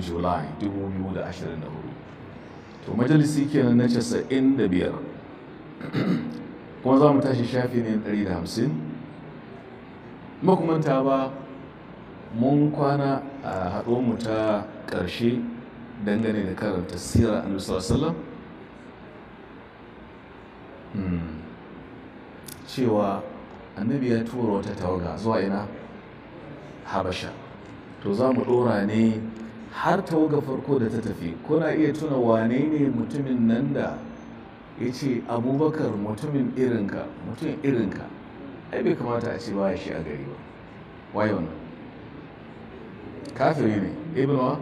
ko july 2024 to majalisi kenan na 95 kuma za mu tashi shafi ne 150 makumanta ba mun kwana a mu ta ƙarshe dangane da karanta sirar annabi sallallahu hmm. cewa annabi ya tura wata tawaga zuwa ina habasha to za mu ɗora ne har tawaga farko da ta tafi kuna iya tuna wane ne mutumin nan da ya ce abubakar mutumin irinka mutum irinka ai bai kamata a ce baya shi a gari ba wayo nan kafiri ne ibn wa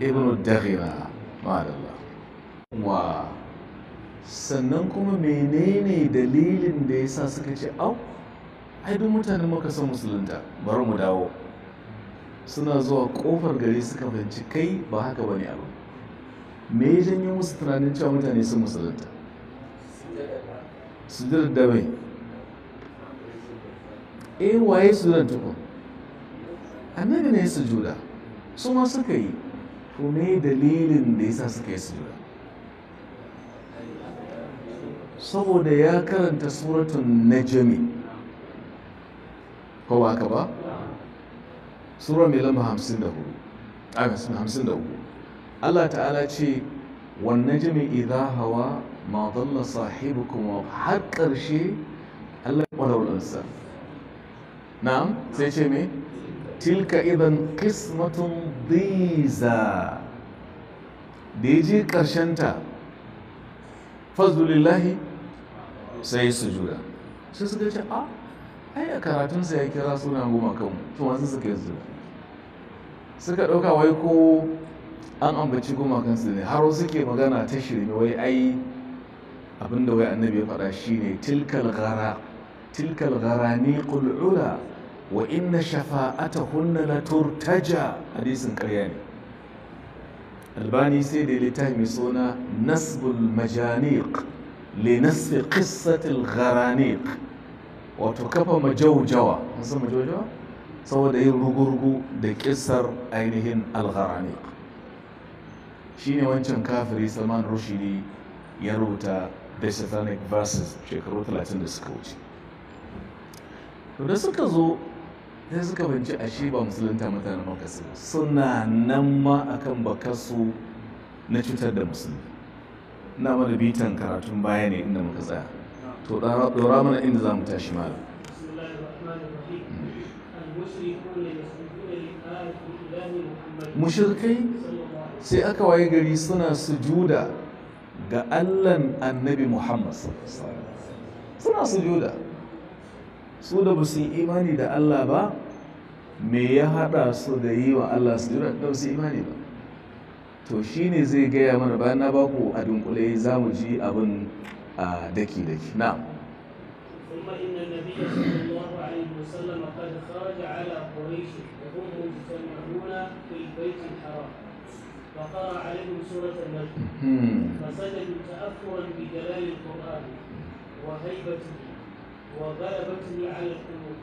ibn daghira ma'adallah wa sannan kuma menene dalilin da ya sa suka ce au ai duk mutanen maka son musulunta bari mu dawo suna zuwa kofar gari suka fahimci kai ba haka bane abu me ya janyo musu tunanin cewa mutane sun musulunta su da mai eh waye su da tukun annabi ne su juda su ma suka yi to me dalilin da yasa suka yi su juda saboda ya karanta suratun najmi ko ba ka ba surar mai lamba hamsin da hudu hamsin da hudu allah ta'ala ce wannan jami idha hawa ma dalla sahibu kuma har ƙarshe allah wadansa? na'am sai ce me tilka idan kismatun diza da ya je ƙarshenta fazlulillahi sai su jura sai suka ce a ah, ai a karatunsa ya kira suna goma kanmu tuwa wasu suka yi zuwa suka ɗauka wai ko an ambaci gumakansu ne har suke magana ta shirme wai ai abinda wai annabi ya faɗa shine tilkal gara tilkal gara ni qul'ula wa inna hunna la turtaja hadisin ƙarya ne albani sai da littafi mai suna nasbul majaniq li nasfi qissatil gharaniq wato kafa majaujawa san majaujawa saboda yin rugu da kisar ainihin algharani ne wancan kafiri salman rushidi ya rubuta the satanic verses shekaru 30 da suka wuce to da suka zo sai suka binci shi ba musulunta mutanen makasu suna nan ma akan bakasu na cutar da musulmi na mana bitan karatun baya ne inda muka tsaya to dora mana inda za mu tashi malam mushirkai sai aka waye gari suna sujuda ga allan annabi muhammad suna sujuda su da ba su imani da allah ba me ya hada su da yi wa allah sujuda da su imani ba to shi ne zai gaya mana bayan na baku a dunkule za mu ji abin a daki-daki na ثم إن النبي صلى الله عليه وسلم قد خرج على قريش قرأ عليهم سورة النجم فسجدوا تأثرا بجلال القرآن وهيبته وغلبته على القلوب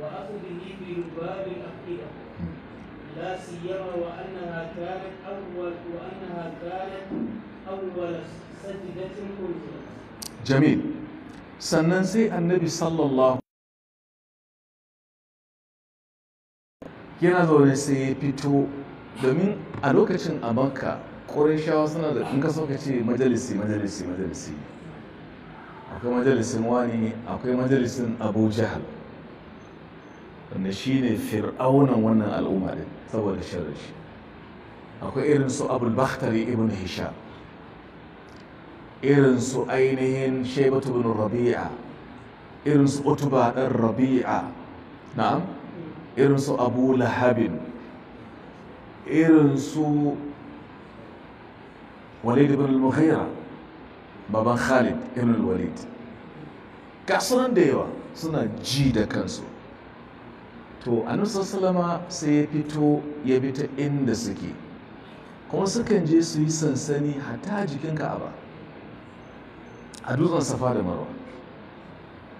وأخذه في باب العقيدة لا سيما وأنها كانت أول وأنها كانت أول سجدة أنزلت جميل سننسي النبي صلى الله عليه وسلم yana zaune sai ya fito domin a lokacin a makka shawa suna da in ka so ka ce majalisi majalisi majalisi akwai majalisin wani akwai majalisin abu jahal wanda shi ne fir'aunan wannan al'umma din saboda shirin shi akwai irin su abul ibn Hisha? irin su ainihin shaibatu bin rabi'a irin su utuba dan rabi'a na'am irin su abu lahabin irin su walid ibn al mukhira baban khalid ibn al-walid kasuwan da yawa suna ji da kansu to anusar salama sai ya fito ya bi ta inda suke kuma sukan je su yi sansani hata jikin ka'aba a dutsen safa da marwa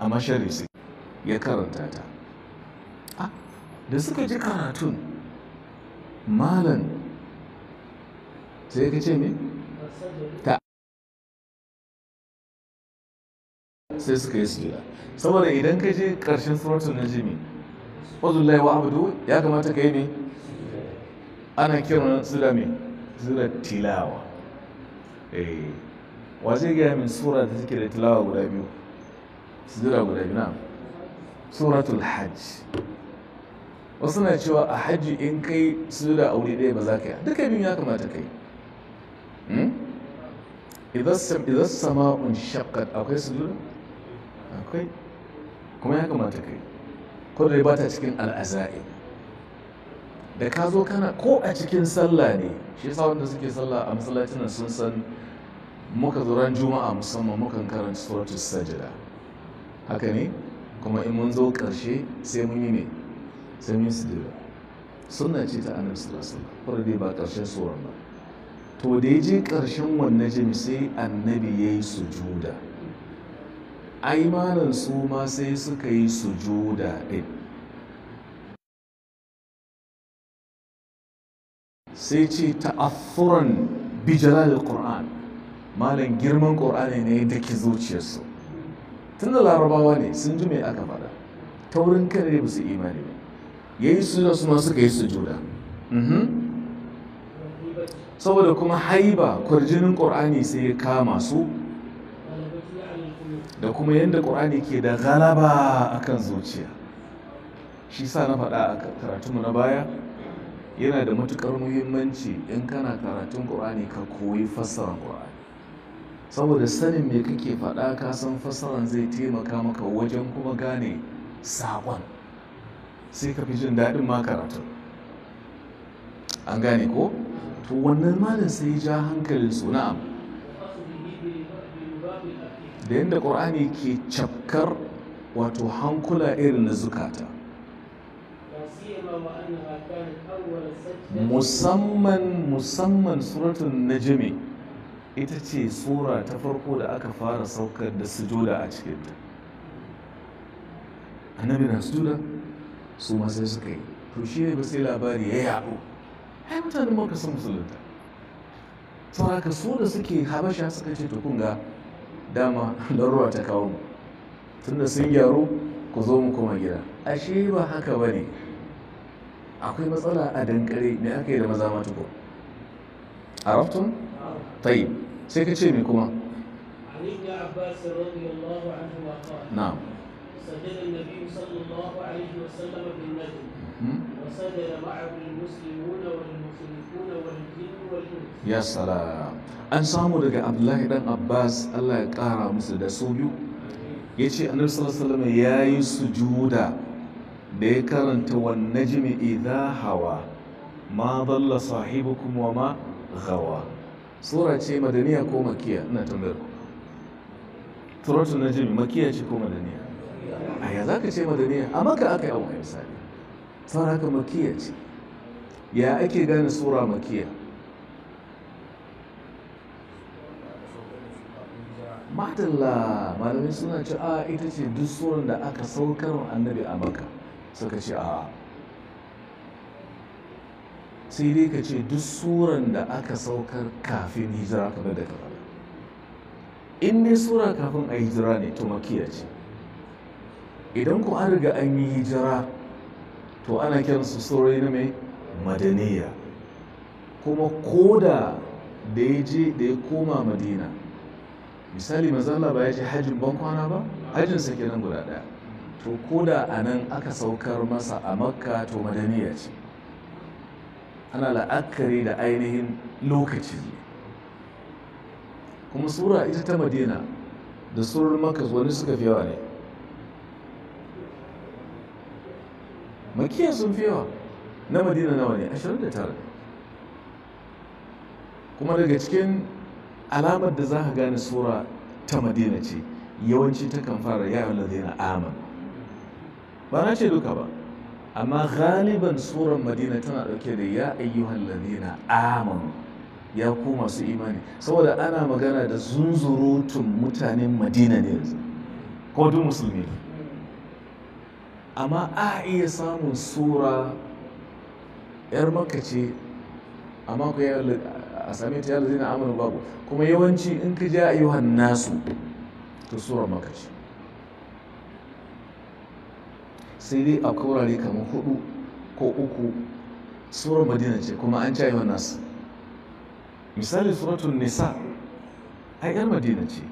a mashari ya karanta ta ah, da suka ji karatun malan sai ka ce ne ta sai suka yi sujuda saboda idan ka je ƙarshen suratun jimi. wazullahi wa abdu ya kamata ka yi ne ana kiran sura me sura tilawa eh wace ga min sura da take da tilawa guda biyu sura guda biyu na suratul hajj wasu na cewa a hajji in kai su da aure ɗaya ba za ka yi duka biyun ya kamata kai hmm? idan sama un shakkat akwai su da akwai kuma ya kamata kai ko da ba ta cikin al'aza'i da ka zo kana ko a cikin sallah ne shi yasa wanda suke sallah a masallacin nan sun san muka zuran juma'a musamman mukan karanta suratul sajda haka ne kuma in mun zo ƙarshe sai mun yi ne sai su sujada suna ce ta annabi sallallahu alaihi wasallam dai ba karshen suran ba to da ya je karshen wannan jami sai annabi ya yi sujuda aimanan su ma sai suka yi sujuda ɗin sai ce ta'affuran bijalal qur'an malam girman qur'ani ne da ke zuciyarsu tunda larabawa ne sun ji mai aka faɗa taurin kare ba su imani ba yesu da sujuda su ma suka yi sujuda saboda kuma haiba kwarjinin ƙur'ani sai ya kama su da kuma yadda ƙur'ani ke da galaba akan zuciya shi sa na faɗa a karatunmu na baya yana da matuƙar muhimmanci in kana karatun ƙur'ani ka koyi fassarar ƙur'ani saboda sanin me kake faɗa ka san zai taimaka maka wajen kuma gane saƙon sai ka fi jin daɗin ma karatu an gane ko to wannan malin sai ya ja hankalin su na'am da yadda ƙur'ani ke cafkar wato hankula irin na zukata musamman musamman suratun na jami ita ce sura ta farko da aka fara saukar da sujuda a cikinta annabi na sujuda su masu sai suka yi to shi ne ba sai labari ya yaɓo. ai mutanen maka san musulunta haka su da suke habasha suka ce to kun ga dama larura ta kawo mu tunda sun gyaru ku zo mu koma gida ashe ba haka ba ne akwai matsala a dankare me aka yi da maza mata ko arabtum tayyib sai ka ce me kuma na'am سجد النبي صلى الله عليه وسلم بالنجم وسجد معه المسلمون والمشركون والجن يا سلام an samu daga abdullahi dan abbas allah ya kara musu da su biyu ya ce annabi sallallahu alaihi ya yi sujuda da ya karanta wan najmi idha hawa ma dalla sahibukum wa ma ghawa sura ce madaniya ko makiya ina tambayar ku najmi makiya ce ko madaniya ya za ka ce madaniya a maka aka yi abu a misali saboda ka makiya ce ya ake gane sura makiya matalla malamai suna ce a ita ce duk suran da aka saukar annabi a maka suka ce a sai dai ka ce duk suran da aka saukar kafin hijira kamar da kafin in ne sura kafin a hijira ne to makiya ce idan ku an riga an yi hijira to ana kiransu saurayi na mai madaniya kuma koda da ya je da ya koma madina misali mazalla ba ya je hajjin bankwana ba hajjinsa kenan guda ɗaya to koda a nan aka saukar masa a makka to madaniya ce ana la'akari da ainihin lokaci kuma sura ita ta madina da surar makka wani suka fi yawa ne makiyan sun fi yawa na madina nawa ne 29 kuma daga cikin alamar da za ka gane sura ta madina ce yawanci ta kan fara ya yawon aman ba na ce duka ba amma galiban surar madina tana dauke da ya ayyuhan Ladina aman ya ku masu imani saboda ana magana da zunzurutun mutanen madina ne yanzu ko duk musulmi ne amma a iya samun tsura yar maka ce amma ku a sami ta yalla zina amanu babu kuma yawanci in ka ja ayyuhan nasu ta tsura maka ce sai dai a kaurare kamar hudu ko uku tsura madina ce kuma an ci ayyuhan nasu misali suratun nisa a yar madina ce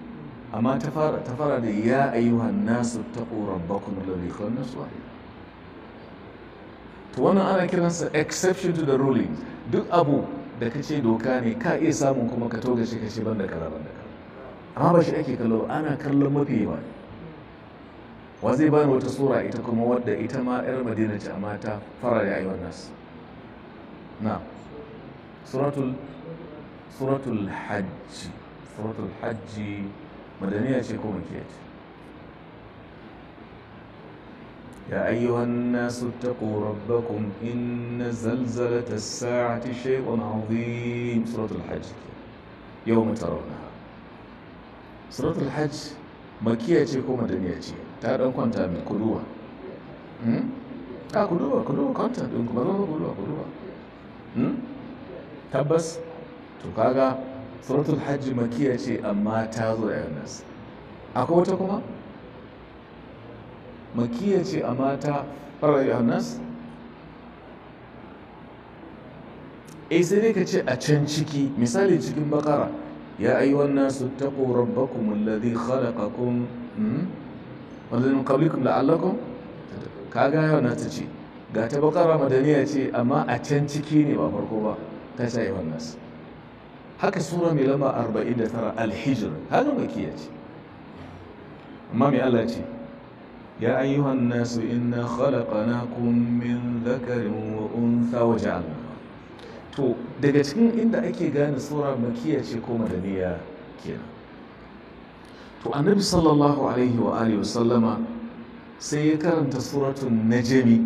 amma ta fara da ya ayyuhan nasu taqu rabbakum alladhi khalaqakum wahida to wannan ana kiransa exception to the ruling duk abu da ka ce doka ne ka iya samun kuma ka toga shi ka ce banda kaza banda kaza amma ba shi ake kallo ana kallon mafi yawa wa zai bani wata sura ita kuma wadda ita ma yar madina ce amma ta fara da ayyuhan nasu na suratul suratul hajji suratul hajji madaniya ce kuma kiyace ya ayyuhan nasu taqu rabbakum inna zalzalata as-sa'ati shay'un 'azim suratul hajj yawm tarawna suratul hajj makkiya ce ko madaniya ce ta dan kwanta mai kuduwa hmm kuduwa kuduwa kwanta din kuma kuduwa kuduwa tabbas to suratul hajji makiya ce amma ta zo a nas akwai wata kuma makiya ce amma ta fara a nas eh sai dai ka ce a can ciki misali cikin bakara ya ayyuhan nasu taqu rabbakum alladhi khalaqakum hmm? walladhi min qablikum Ka kaga yawan ta ce ga ta bakara madaniya ce amma a can ciki ne ba farko ba ta sha ayyuhan nasu haka sura mai lamba 49 alhijir haka makiya ce amma mai Allah ce ya ayyuhan nasu inna kun min dhakarin wa untha wa ja'alna to daga cikin inda ake gane sura makiya ce ko madaniya kenan to annabi sallallahu alaihi wa alihi wa sallama sai ya karanta suratun najmi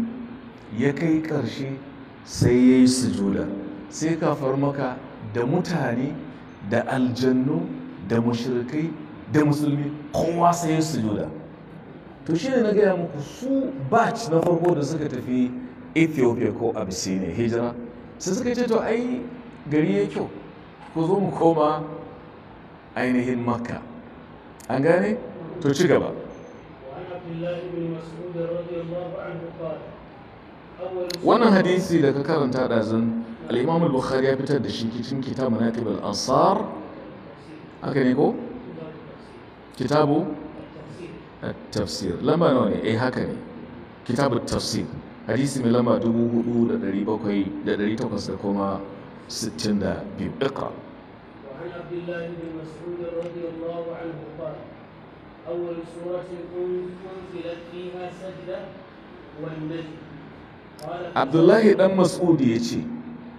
ya kai ƙarshe sai ya yi sujuda sai kafar maka da mutane da aljannu da mushirikai, da musulmi kowa sai ya sujuda to shi ne na gaya muku su batch na farko da suka tafi ethiopia ko abyssinia hijira sai suka ce to ai gari ya kyau ku zo mu koma ainihin makka an gane to ci gaba wannan hadisi daga ka karanta ɗazin الإمام البخاري بتر دشين كتن كتاب مناقب الأنصار أكن يقول كتاب التفسير لما نوني إيه هكني كتاب التفسير حديث من لما دموه دول دريبا كي دري تقص لكما بيب اقرأ وعن عبد الله بن مسعود رضي الله عنه قال أول سورة أنزلت فيها سجدة والنجم عبد الله بن مسعود يجي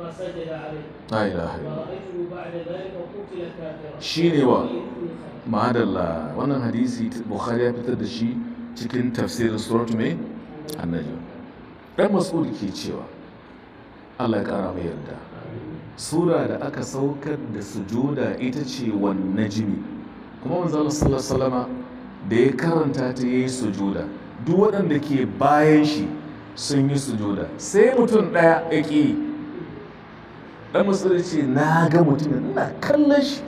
فسجد عليه لا إله إلا ورأيته بعد ذلك قتل كافرا شيني ما هذا وانا cikin tafsirin suratu mai annabi dan mas'ud ke cewa Allah ya kara mai yarda sura da aka saukar da sujuda ita ce wan najmi kuma manzo Allah sallallahu alaihi da ya karanta ta yayi sujuda duk waɗanda ke bayan shi sun yi sujuda sai mutum ɗaya ya ƙi dan Musulunci na ga mutumin na kallon shi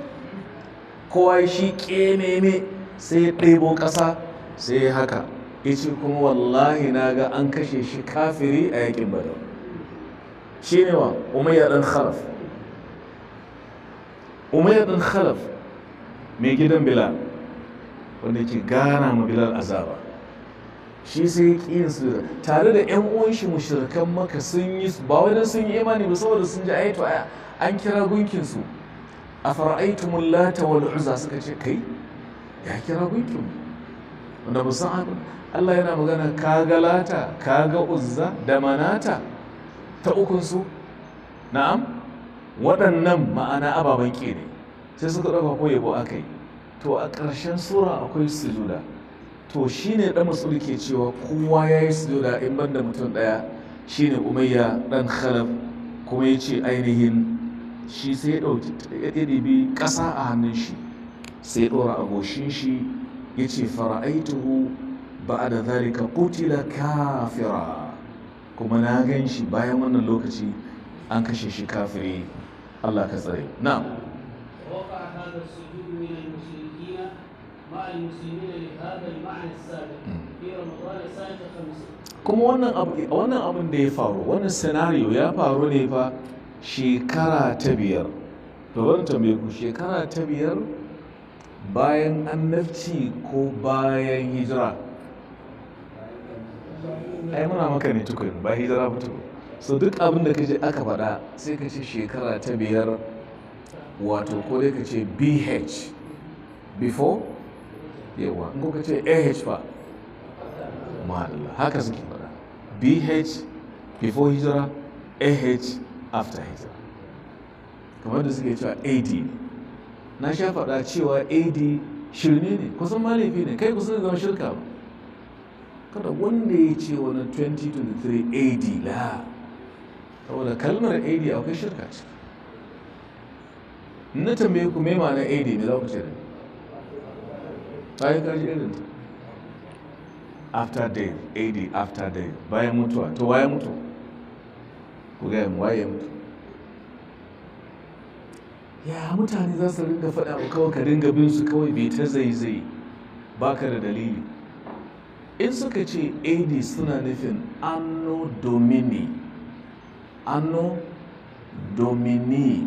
kowa shi ƙememe sai ɗebo ƙasa sai haka ice kuma wallahi na ga an kashe shi kafiri a yakin badar shi ne wa umayyar ɗan khalaf umayyar ɗan khalaf mai gidan bilal wanda ke gana ma bilal azaba shi sai ya ƙi yin sujada tare da ƴan uwan shi mushrikan maka sun yi ba wai sun yi imani ba saboda sun ji ayatu aya an kira gunkin su afara'aytumul lata wal uzza suka ce kai ya kira gunkin wanda ba san abin Allah yana magana kaga lata kaga uzza da manata ta ukun su na'am waɗannan ma'ana ababen ƙi ne sai suka ɗauka ko yabo akai to a ƙarshen sura akwai sujuda to ne ɗan masul ke cewa kowa yayi da in banda mutum daya shine umayya ɗan khalaf kuma yace ainihin shi sai ya dauki ya dibi ƙasa a hannun shi sai ya dora a goshin shi yace fara'aituhu da zarika qutila kafira kuma na gan shi bayan wannan lokaci an kashe shi kafiri Allah ka tsare na'am kuma wannan abin da ya faru wannan scenario ya faru ne fa shekara ta biyar to ban tambaye ku shekara ta biyar bayan annabci ko bayan hijira ai muna maka ne tukuri ba hijira ba so duk abin da kaje aka faɗa sai ka ce shekara ta biyar wato ko dai ka ce bh before yawa in kuka ce ah fa ma'adallah haka suke fara bh before hijira ah after hijira kamar da suke cewa ad na sha faɗa cewa ad shirme ne kusan ma ne kai kusan zama shirka ba kada wanda ya ce wani 2023 ad la saboda kalmar ad akwai shirka ce na tambaye ku mai ma'ana ad ne za ku ce da kayi kaji irin after day ad after day bayan mutuwa to waye mutu ku gaya mu waye mutu ya mutane za su ringa faɗa ba kawai ka ringa bin su kawai bai ta zaizai ba ka da dalili in suka ce ad suna nufin anno domini anno domini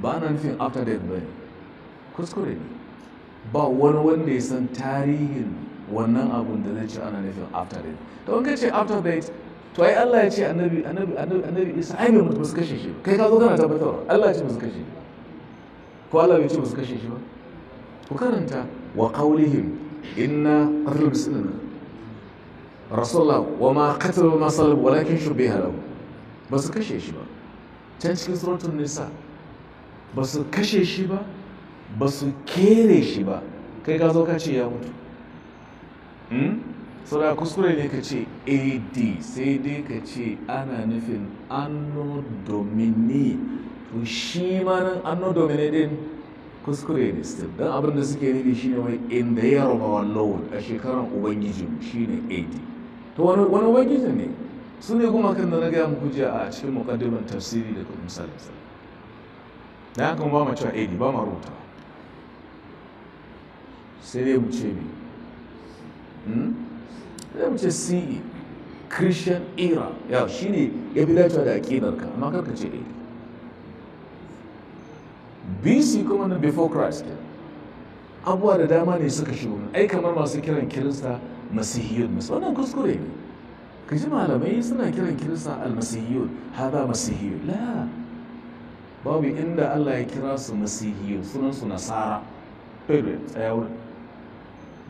ba na nufin after death ba kuskure ne ba wani wanda ya san tarihin wannan abun da zai ce ana nufin after death to in ka ce after death to ai Allah ya ce annabi annabi annabi Isa ai bai mutu kashe shi kai ka zo kana tabbatarwa Allah ya ce musu kashe ko Allah bai ce musu kashe shi ba ku karanta wa qawlihim inna qatlul muslimin rasulullah wa ma qatalu ma salabu walakin shubiha lahu ba su kashe shi ba can cikin suratul nisa ba su kashe shi ba ba su kere shi ba kai ka zo ka ce ya mutu hmm? saboda kuskure ne ka ce ad sai dai ka ce ana nufin anno domini to shi ma nan anno domini din kuskure ne still don abin da suke nufi ne wai in the year of our lord a shekaran ubangijin ne ad to wani ubangijin ne su ne kuma kan da na gaya muku jiya a cikin mukaddimin tafsiri da kuma misali da haka ba mu cewa ad ba mu rubuta sai dai mu ce mi hmm? mu ce si e, christian era ya shi ne ya fi dacewa da ka amma karka ce ɗaya bc kuma na before christ abuwa da dama ne suka shigo ai kamar masu kiran kirista masihiyun masu wannan kuskure ne ka ji malamai suna kiran kirista almasihiyun haɗa masihiyun la babu inda allah ya kira su masihiyun sunan su nasara period tsaya wurin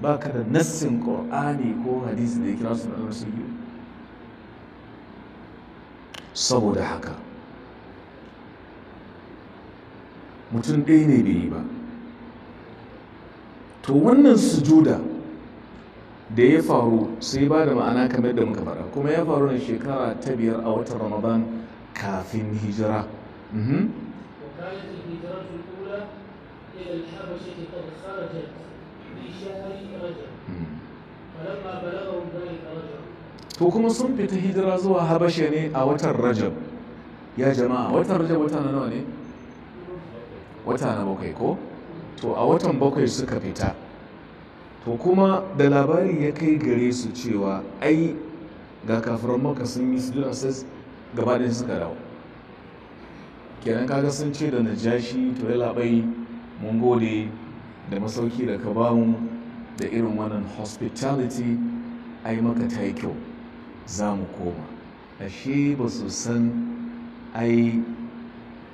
ba ka da nassin ƙor'ani ko hadisi da ya kira su da almasihu saboda haka mutum ɗaya ne bai yi ba to wannan sujuda da ya faru sai ba da ma'ana kamar da muka faɗa kuma ya faru ne shekara ta biyar a watan ramadan kafin hijira وكانت mhm. Hmm. to kuma sun fita hijira zuwa habashe ne a watan rajab ya jama'a watan rajab wata na nawa ne wata na bakwai ko to a watan bakwai suka fita to kuma da labari ya kai gare su cewa ai ga kafin maka sun yi su sai gabaɗin suka dawo kenan kaga sun ce da najashi to ya labai mun gode da masauki da ka bamu da irin wannan hospitality ai maka ta yi kyau za mu koma ashe ba su san ai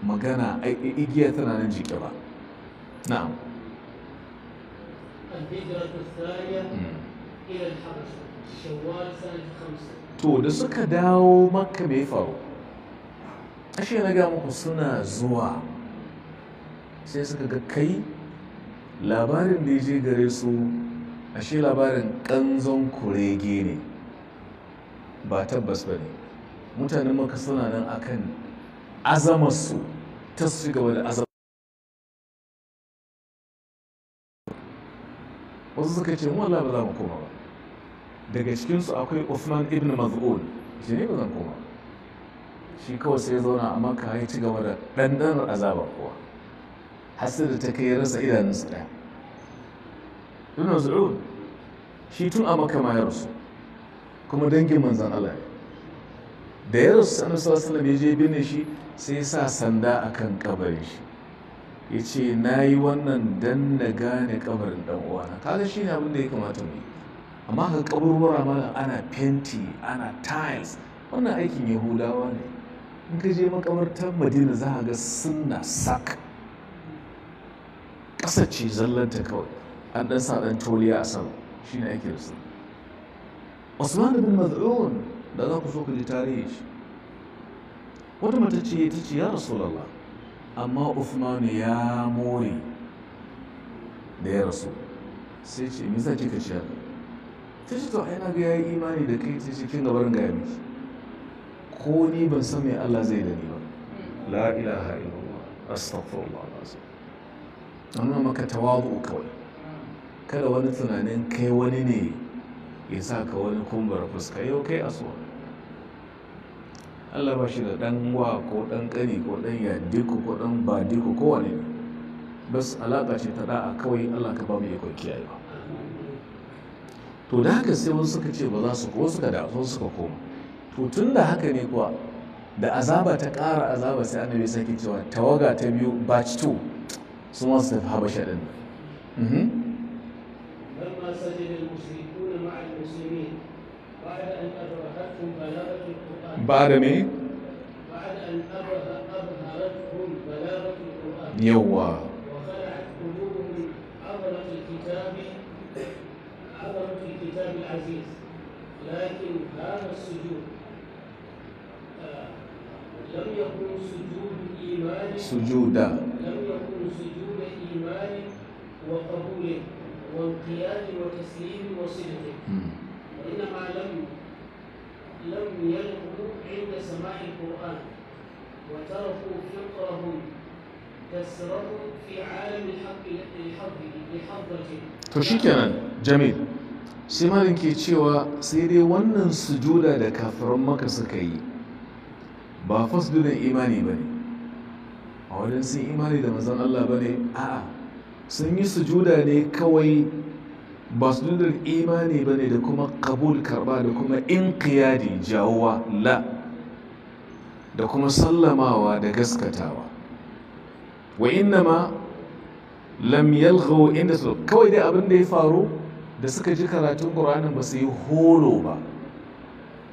magana igiya tana nan jiki ba na'am to da suka dawo makka mai faru ashe na ga muku suna zuwa sai suka ga kai labarin da ya je gare su ashe labarin ƙanzon kurege ne ba tabbas ba ne mutanen maka suna nan akan azamarsu ta su gaba da azamar wasu suka ce wallah ba za mu koma ba daga cikinsu akwai Uthman ibn Maz'un shi ne ba zan koma shi kawai sai zauna a maka ya gaba da ɗanɗanar azabar kowa da ta kai rasa idanunsa ɗaya ibn zu'ud shi tun a maka ma ya rasu kuma dangin manzan Allah da ya rasu annabi sallallahu je binne shi sai ya sa sanda akan kabarin shi ya ce na yi wannan dan na gane kabarin dan uwana kaga shi ne abin da ya kamata mu yi amma ka kaburbura ma ana fenti ana tiles wannan aikin yahudawa ne in ka je makabartar madina za a ga sunna sak ƙasa ce zallanta kawai an ɗan sa ɗan toliya a sama shi ne ake rasu usman bin maz'un da za ku so ku ji tarihi shi wata mata ce ta ce ya rasulallah amma usman ya more da ya rasu sai ce me za kika ce ta ce to ai na ga yayi imani da kai ta ce kin gabarin ga miki ko ni ban san me Allah zai da ni ba la ilaha illallah astaghfirullah nuna maka tawazu kawai kada wani tunanin kai wani ne ya sa ka wani kumbar fuska yau kai a so Allah ba shi da ɗan wa ko ɗan ƙani ko ɗan yadiku ko ɗan badiku ko wani ne bas alaƙa ce ta da'a kawai Allah ka ba mu kiyaye ba. to da haka sai wasu suka ce ba za su ko suka da wasu suka koma to tun da haka ne kuwa da azaba ta ƙara azaba sai annabi sake cewa tawaga ta biyu batch 2 su مصنف حبشة din لما سجد المشركون مع المسلمين بعد أن أدركتهم بلاغة القرآن بعد مين؟ بعد أن أبهرتهم بلاغة القرآن يوا وخلعت قلوبهم عبرة الكتاب عبرة الكتاب العزيز لكن هذا السجود آه، لم يكن سجود الإيمان سجودا لم يكن الإيمان وقبوله وانقياد وتسليم وصدقه وإنما لم لم يلقوا عند سماع القرآن وتركوا فقرهم تسره في عالم الحق لحظة فشكرا جميل shi malin ke cewa sai dai wannan sujuda da kafiran maka suka yi بني ba don sun imani da manzon Allah ba ne a'a sun yi sujuda ne kawai ba su sujudar imani ba ne da kuma kabul karba da kuma inqiyadi jawuwa la da kuma sallamawa da gaskatawa wa innama lam yalghaw inda su kawai dai abin da ya faru da suka ji karatun ƙur'anin ba su yi holo ba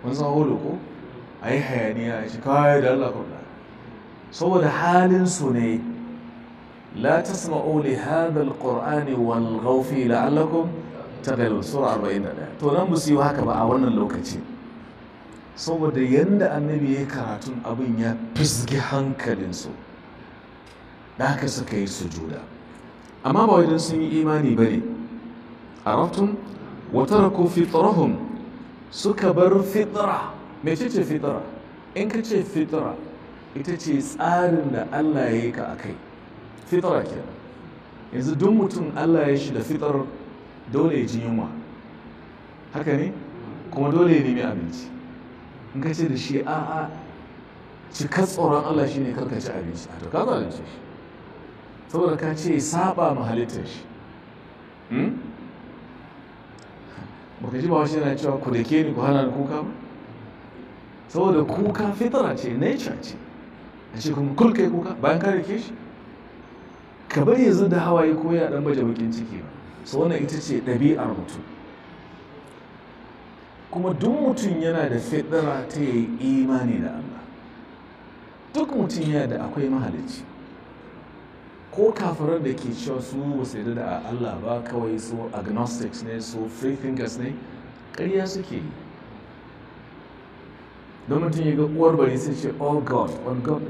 mun san holo ko a yi hayaniya a shi kawai da Allah kuma saboda halin su ne la tasma'u li hadha alqur'ani wal ghawfi ta taghlibun sura 41 to nan musu yi haka ba a wannan lokaci saboda yadda annabi ya karatun abin ya fisgi hankalinsu da haka suka yi sujuda amma ba wajen sun yi imani ba ne a raftun wata rako fitarahun suka bar fitara mai ce fitara in ka ce fitara ita ce tsarin da Allah ya yi ka a kai fitara ake yanzu duk mutum Allah ya shi da fitar dole ya ji yunwa haka ne kuma dole ya nemi abinci in ka ce da shi a'a cika tsoron Allah shi ne karka ci abinci a to da abinci shi saboda ka ce saba ma halittar shi hmm? baka ji ba wasu yana cewa ku da ke ni ku hana kuka ba saboda kuka fitara ce nature ce a ce kuma kuka bayan ka rike shi ka bari yanzu da hawaye ko ya dan baje bakin ciki ba so wannan ita ce ɗabi'ar mutum kuma duk mutum yana da fidira ta yi imani da Allah duk mutum yana da akwai mahalicci ko kafirar da ke cewa su ba su yarda da Allah ba kawai su agnostics ne su free thinkers ne ƙarya suke yi don mutum ya ga uwar bari sai ce oh god oh god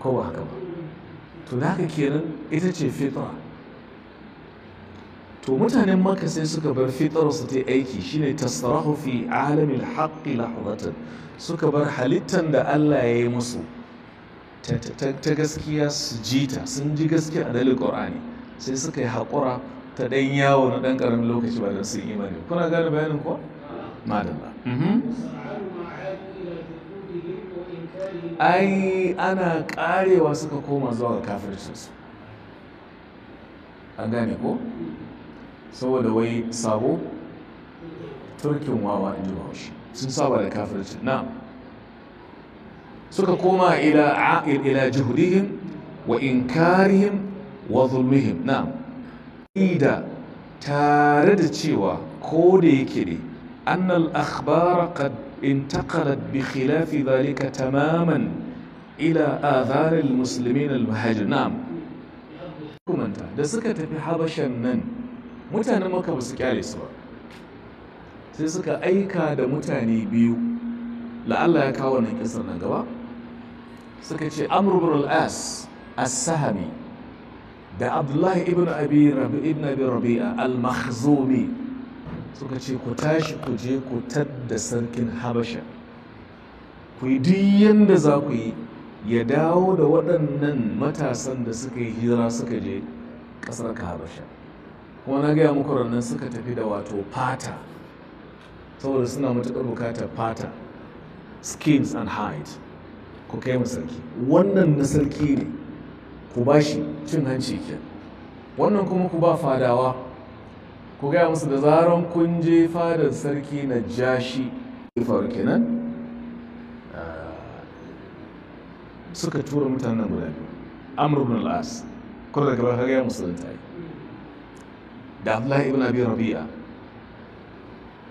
ko ba haka ba to da haka kenan ita ce fitra to mutanen maka sai suka bar su ta aiki shine tasrahu fi alamin haqqi lahzatan suka bar halittar da Allah ya yi musu ta gaskiya su ji ta sun ji gaskiya a dalil qur'ani sai suka yi haƙura ta ɗan yawo na ɗan ƙaramin lokaci ba don sun imani kuna gane bayanin kuwa madalla ai ana karewa suka koma zuwa ga kafircinsu an gane ko saboda wai sabo turkin wawa in ji bahaushe sun saba da kafircin na suka koma ila a'il ila juhudihim wa inkarihim wa zulmihim na ida tare da cewa ko da yake ne أن الأخبار قد انتقلت بخلاف ذلك تماما إلى آثار المسلمين المهاجر نعم kumanta da suka tafi habashan nan mutanen maka ba su kyale su ba sai suka aika da mutane biyu la'alla ya kawo nan nan gaba suka ce amru as as-sahami da abdullahi ibn abi rabi al-makhzumi suka ce ku tashi ku je ku tadda sarkin habasha ku yi duk yadda za ku yi ya dawo da waɗannan matasan da suka yi hira suka je ƙasar habasha kuma na gaya muku ranar suka tafi da wato fata saboda suna matuƙar bukatar fata skins and hide ku kai mu sarki wannan na sarki ne ku ba shi cin hanci ke wannan kuma ku ba fadawa ku gaya musu da zaron kun je fadar sarki na jashi faru kenan ah, suka tura mutanen guda biyu amr ibn al kuma daga baka gaya musulunta yi da abdullahi ibn abi rabi'a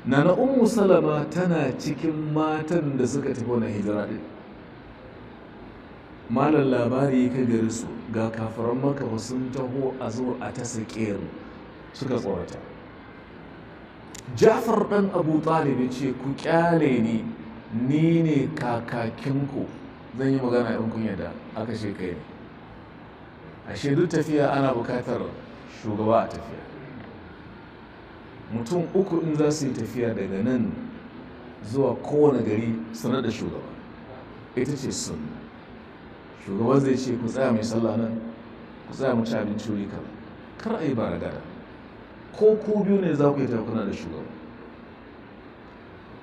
na na ummu salama tana cikin matan da suka tafi na hijira din malar labari ka gari su ga kafaran maka sun taho a zuwa a ta sakiru suka tsorata jafar ɗan abu talib ya ce ku kyale ni ni ne kakakinku zan yi magana in kun yadda aka ce kai ne ashe duk tafiya ana bukatar shugaba a tafiya mutum uku in za su yi tafiya daga nan zuwa kowane gari sanar da shugaba ita ce sun shugaba zai ce ku tsaya mai sallah nan ku tsaya mu ci abinci wuri kar a yi ba ko ku biyu ne za ku yi tafiya da shugaba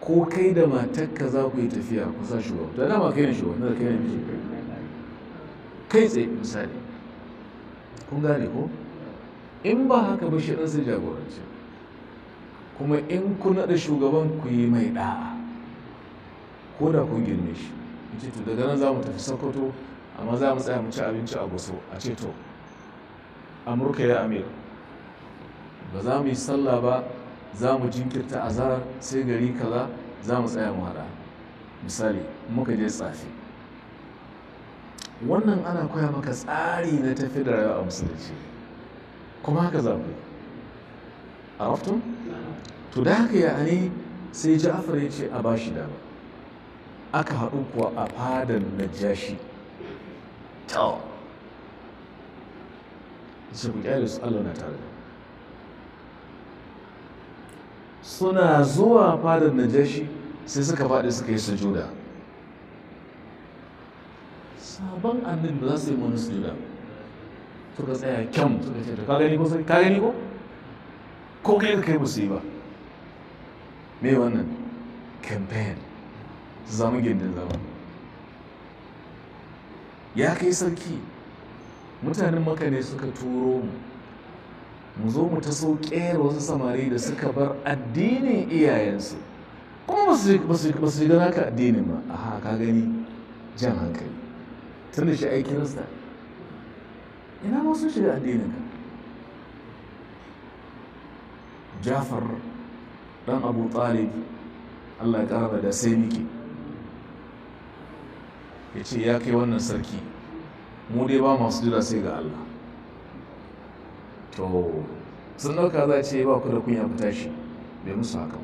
ko kai da matakka za ku yi tafiya kusa shugaba da dama kai ne shugaba da kai ne miji kai tsaye misali kun gane ko in ba haka ba shi ɗansu jagoranci kuma in ku naɗa shugaban ku yi mai ɗa'a ko da kun girme shi ce to daga nan za mu tafi sokoto amma za mu tsaya mu ci abinci a goso a ce to amurka ya amir ba za mu yi sallah ba za mu jinkirta azahar sai gari kaza za mu tsaya mu hada. misali muka je tsafi wannan ana koya maka tsari na tafi da rayuwa a musulunci kuma haka za ku yi a raftun? to da haka ya ne sai ji afirai ce a ba shi dama aka haɗu kuwa a fadan jashi. ta ce ku kyale su allah na tare suna zuwa fadar najashi sai suka faɗi suka yi sujuda sabon annin ba za su yi wani sujuda suka tsaya kyam suka ce ka gani ko sai ka gani ko ko kai kai musu yi ba me wannan campaign zama gindin zama ya kai sarki mutanen maka ne suka turo mu mu zo mu ta so wasu samari da suka bar addinin iyayensu kuma ba su shiga naka addinin ba aha ka gani jan hankali tun da shi aikin rasta ina ma sun shiga addinin ka jafar dan abu talib allah ƙara da sai miki ya ce ya kai wannan sarki mu dai ba masu jira sai ga allah to sun ɗauka za ce ba ku da kunya ku tashi bai musu haka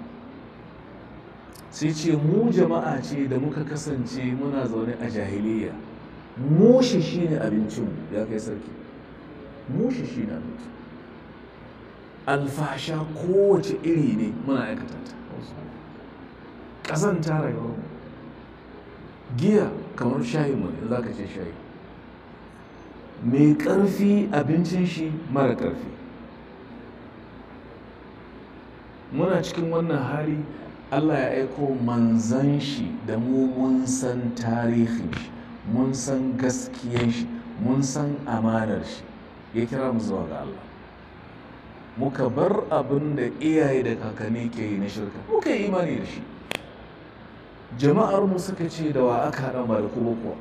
sai ce mu jama'a ce da muka kasance muna zaune a jahiliya mushi ne abincinmu ya kai sarki mushi ne abincin alfasha kowace iri ne muna aikata ta ƙazanta rayuwa giya kamar shayinmu ne za ka ce shayi mai ƙarfi abincin shi mara ƙarfi muna cikin wannan hari allah ya aiko manzan shi da mu mun san tarihin shi mun san gaskiyan shi mun san amanar shi ya kira mu zuwa ga allah muka bar abin da iyaye da kakanni ke yi na shirka muka yi imani da shi jama'ar mu suka ce da wa aka haɗa ba kuma kuwa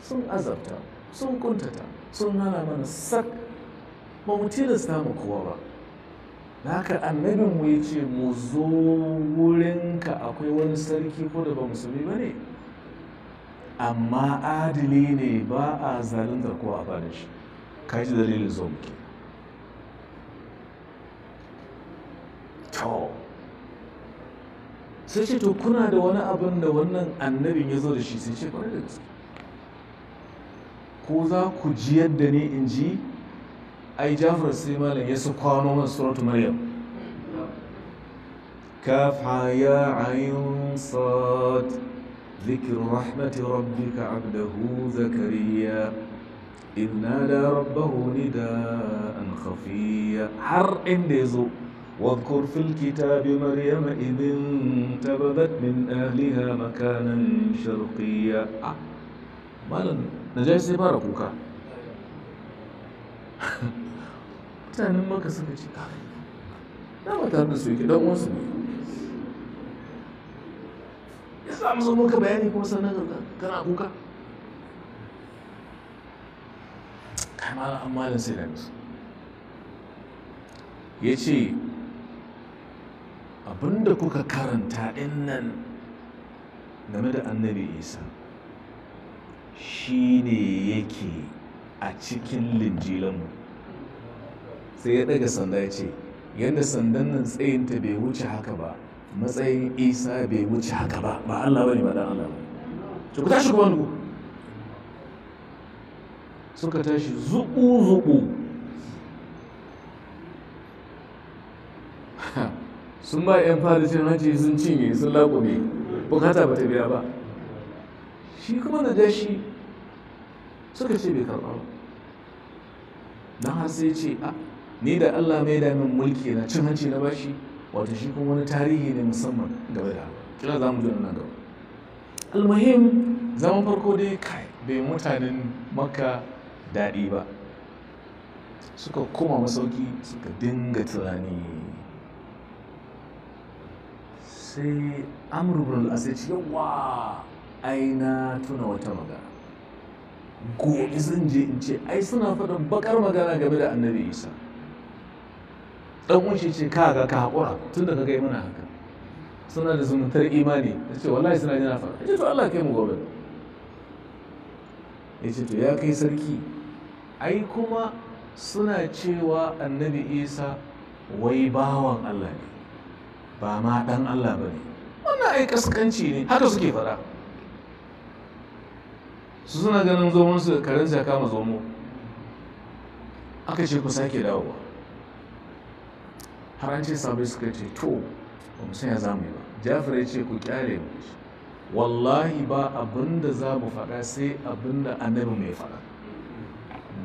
sun azabta sun kuntata sun hana mana sak ba mu tilasta mu kowa ba na haka annabin mu ya ce mu zo wurinka akwai wani sarki ko da ba musulmi ba ne amma adili ne ba a da kowa a shi ka ji dalilin zo muke sai ce to kuna da wani abin da wannan annabin ya zo da shi sai ce kwarai da gaske ko za ku ji yadda ne in ji ai jafar sai malam ya su kwano man suratu maryam كاف يا عين صاد ذكر رحمة ربك عبده زكريا إذ نادى ربه نداء خفيا حر إنديزو واذكر في الكتاب مريم إذ انتبذت من أهلها مكانا شرقيا آه. لن najashi sai fara kuka mutanen maka suka ce Na tare da su yake don wasu ne ya samu zo maka bayani kuma sannan kana kuka kai an malin sai da musu ya ce abinda kuka karanta ɗin nan game da annabi isa shi ne yake a cikin linjilanmu sai ya daga sanda ya ce yadda sandan nan tsayinta bai wuce haka ba matsayin isa bai wuce haka ba ba allah ba ne ba dan allah ba ku tashi kuma suka tashi zuɓu-zuɓu sun ba 'yan fadacin hajji sun cinye sun laƙume bukata ba ta biya ba shi kuma na dashi suka ce bai karɓa ba don har ce a ni da allah mai da min mulki na cin hanci na bashi Wata shi kuma wani tarihi ne musamman game da kira za mu ji nan gaba almuhim zaman farko dai kai bai mutanen maka daɗi ba suka koma masauki suka dinga tunani sai amur bin ce yawa ai na tuna wata magana gobe zan je in ce ai suna faɗin bakar magana game da annabi isa dan uwan ce ka ga ka haƙura tun da ka kai mana haka suna da zumuntar imani ya ce wallahi suna jina faɗa ya to Allah kai mu gobe ya ce to ya kai sarki ai kuma suna cewa annabi isa wai bawan Allah ne ba ma ɗan Allah ba ne wannan ai kaskanci ne haka suke faɗa su suna ganin zomon su karin ya kama zomo aka ce ku sake dawowa har ce sabai suka ce to ba mu sanya za mu yi ba jafar ya ce ku kyare mu wallahi ba abin da za mu faɗa sai abin da annabi mai faɗa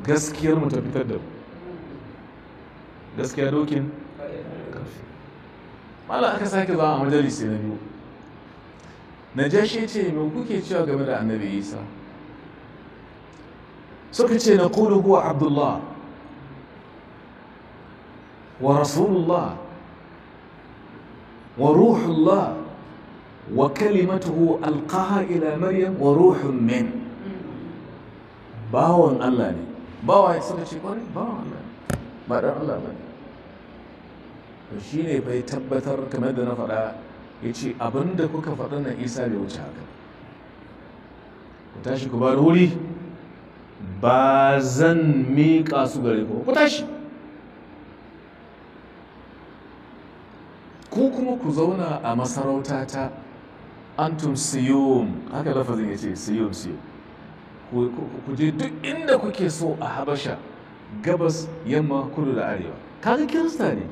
gaskiyar mu ta fitar da mu gaskiya dokin mala aka sake zama a majalisi na biyu na jashe ce mai kuke cewa game da annabi isa سكتش نقول هو عبد الله ورسول الله وروح الله وكلمته ألقاها إلى مريم وروح من باون الله لي باو يا سكتش باون الله بارا الله بني shine bai tabbatar kamar da na faɗa ya ce abin da kuka faɗa ba zan miƙa su gare ku ku tashi ku kuma ku zauna a masarauta ta antum siyum haka lafazin ya ce siyum siyum ku je duk inda kuke so a habasha gabas yamma kudu da arewa kaga kirista ne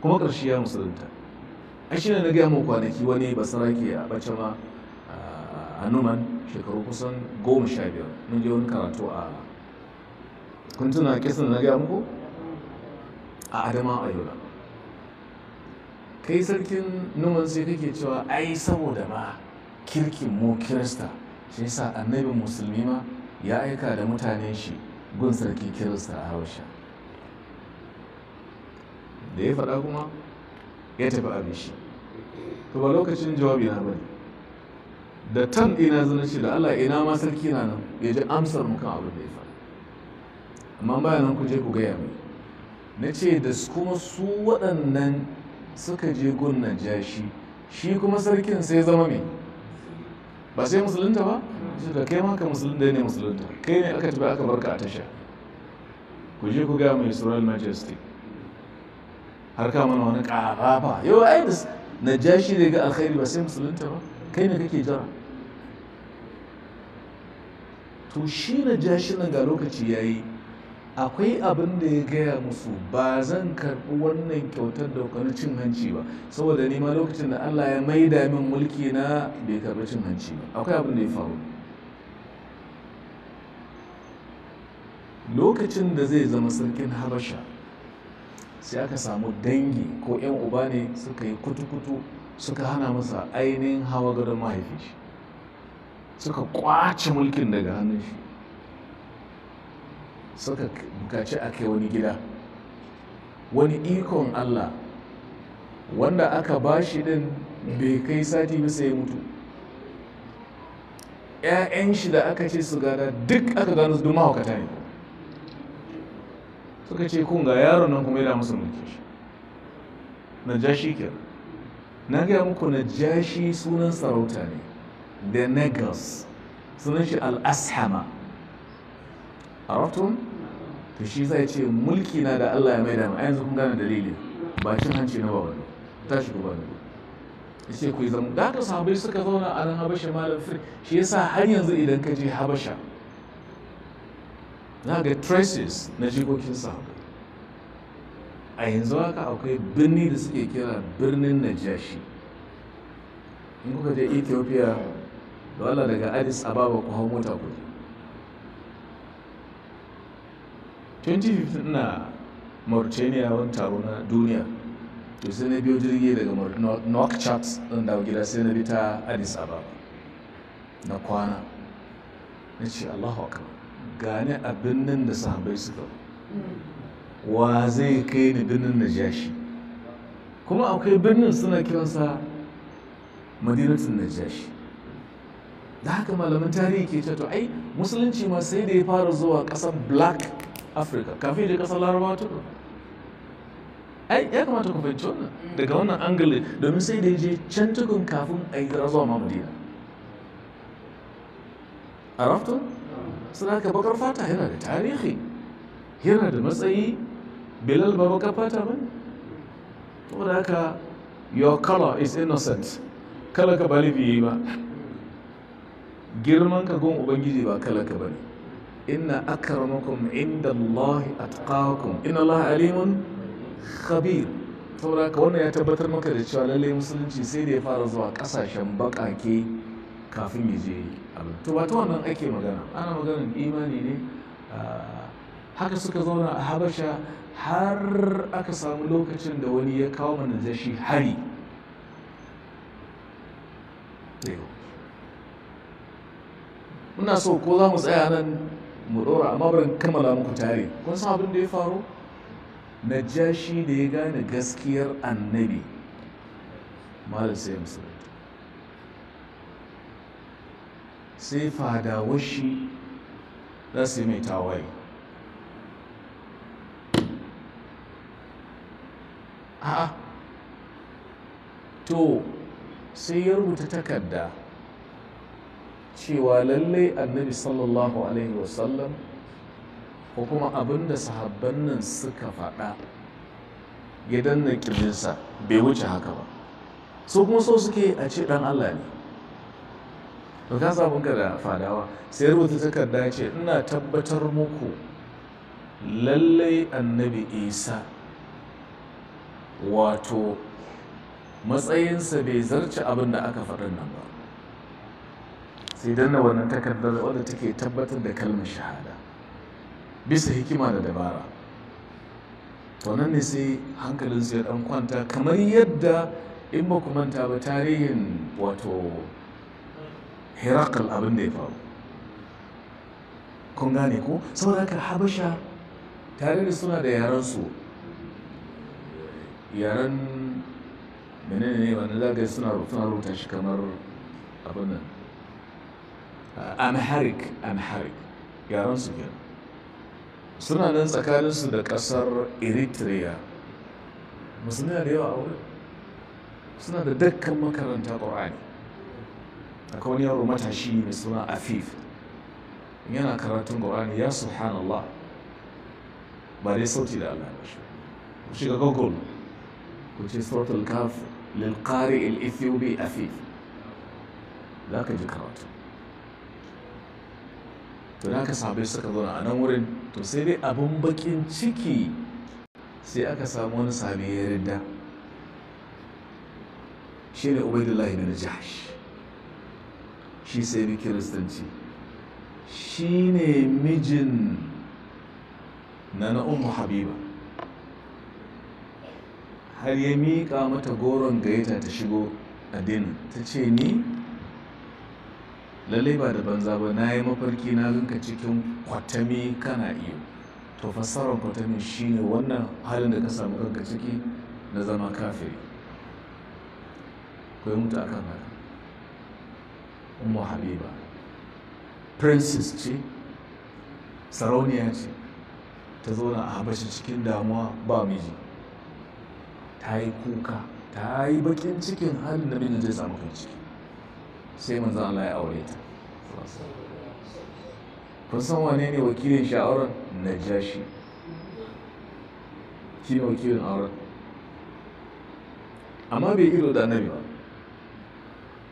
kuma ƙarshe ya musulunta a shi ne na gaya mu kwanaki wani basarake a ma a numan shekaru kusan goma sha biyar mun je wani karatu a kun kisan na gaya muku a adama ayola kai sarkin numan sai kake cewa ai saboda ma kirkin mu kirista shi yasa annabin musulmi ma ya aika da mutanen shi gun sarki kirista a hausha da ya faɗa kuma ya tafi abin shi ba lokacin jawabi na bane da tan ina zanen shi da Allah ina ma sarki na nan ya ji amsar muka abin da ya faru amma bayan nan ku je ku gaya mai na ce da kuma su waɗannan suka je gun najashi shi kuma sarkin sai zama mai ba sai musulunta ba shi da kai maka musulunta ne musulunta kai ne aka tafi aka barka a tasha ku je ku gaya mai israel majesty har ka mana wani ƙarafa? yau ai da najashi daga alkhairi ba sai musulunta ba kai ne kake jira to shi na ja shi ga lokaci ya yi akwai abin da ya gaya musu ba zan karɓi wannan kyautar da kwanu cin hanci ba saboda nima lokacin da allah ya maida min mulki na bai karɓi cin hanci ba akwai abin da ya faru lokacin da zai zama sarkin habasha sai aka samu dangi ko 'yan uba ne suka yi kutu-kutu suka hana masa ainihin hawa gadon mahaifi suka kwace mulkin daga hannun shi suka bukaci a kai wani gida wani ikon allah wanda aka ba shi din bai kai sati bisa ya mutu 'ya'yan shi da aka ce su gada duk aka gano su duma haukata ne suka ce kun ga yaron nan kuma yana musu mulki shi Na najashi kira na gaya muku na jashi sunan sarauta ne the Negus sunan shi A arafton to shi zai ce mulki na da Allah ya mai da a yanzu kun gane dalili. ba cin hanci na bawa ne ta shi gaba ne ya ce ku yi zama da haka sahabai suka zauna a nan habasha malam fir shi yasa har yanzu idan ka je habasha na ga traces na jikokin sahabai a yanzu haka akwai birni da suke kira birnin najashi in kuka je ethiopia da wala daga addis ababa ko hau mota ku 2015 na mauritania wani taro na duniya to sai na biyo jirgi daga nouakchott ɗin dawo gida sai na bi ta addis ababa na kwana na ce allahu akbar gane a birnin da sahabai suka wa zai kai ni birnin jashi kuma akwai birnin suna kiransa madinatun jashi. da haka malaman tarihi ke cewa to ai musulunci ma sai da ya fara zuwa ƙasar black africa kafin da ƙasar larabawa tuku ai ya kamata ku fahimci wannan mm. daga wannan angle domin sai da ya je can tukun kafin a yi zuwa ma a rafton suna ka bakar fata yana da tarihi yana da matsayi bilal ba bakar fata ba ne saboda haka your color is innocent kala ka ba ba girman ka gun ubangiji ba kalaka bane inna Allah a taƙawakon inna allaha alimun khabir saboda ka wannan ya tabbatar maka da cewa lalle musulunci sai da ya fara zuwa ƙasashen baƙaƙe kafin ya je abin to ba ta wannan ake magana ana maganar imani ne haka suka zauna a habasha har aka samu lokacin da wani ya kawo manajashi hari muna so ko za mu tsaya nan mu ɗora amma bari kammala muku tare kun san abin da ya faru najashi da ya gane gaskiyar annabi malam sai musulunta sai fadawashi za su yi mai tawaye a'a to sai ya rubuta takarda cewa lallai annabi sallallahu alaihi wasallam ko kuma abin da sahabban nan suka faɗa ya danna kirjinsa bai wuce haka ba So kuma so suke a ce dan Allah ne to ka sa ka da fadawa sai rubuta takarda ce ina tabbatar muku lallai annabi isa wato matsayinsa bai zarce abinda aka faɗin nan ba sai danna wannan takardar wadda take tabbatar da kalmar shahada bisa hikima da dabara to nan ne sai hankalin ya dan kwanta kamar yadda in ba ku manta ba tarihin wato herakal abin da ya faru kun gane ko saboda haka habasha tare da suna da yaran su yaran menene ne wanda zagaye suna rubuta shi kamar abin nan amharic amharic yaran su kenan suna nan tsakaninsu da kasar eritrea musulmi da yawa a suna da dukkan makaranta ƙorani akwai wani yaro matashi mai suna afif yana karatun ƙorani ya subhanallah ba dai sauti da allah ba shi shiga google ku ce suratul kaf lil qari al ethiopi afif za ka ji karatu to da aka sabai suka zauna a nan wurin to sai dai abin bakin ciki sai aka samu wani sami ya rinda shi ne ubaidullahi na jahash shi sai bi kiristanci shi ne mijin na na'umu habiba har ya miƙa mata goron gaita ta shigo addinin ta ce ni lallai ba da banza ba na yi mafarki na ganka cikin kwatami kana iyo to fassarar kwatami shine wannan halin da ka samu kanka ciki na zama kafiri kai mutu akan haka umu habiba princess ce sarauniya ce ta zauna a habashi cikin damuwa ba miji ta yi kuka ta yi bakin cikin halin da mijin zai samu kan ciki sai manzan Allah ya aure ta kun san wane ne wakilin shi auren najashi shi ne wakilin auren amma bai ido da annabi ba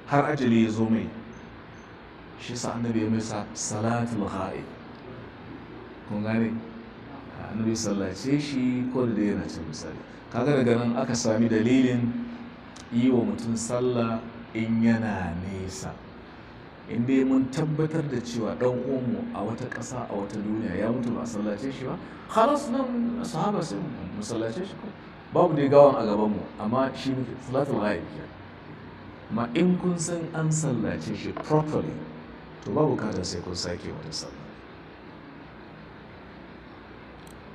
har ajali ya zo mai shi sa annabi ya misa salatul ha'i kun gane annabi sallace shi ko da yana cin misali kaga daga nan aka sami dalilin yi wa mutum sallah in yana nesa Inda ya mun tabbatar da cewa dan uwanmu a wata ƙasa a wata duniya ya mutu ba a sallace shi ba halas nan sahaba sun mu sallace shi babu dai gawan a gaban mu amma shi muke salatul ghaib ma in kun san an sallace shi properly to babu kada sai kun sake wata sallah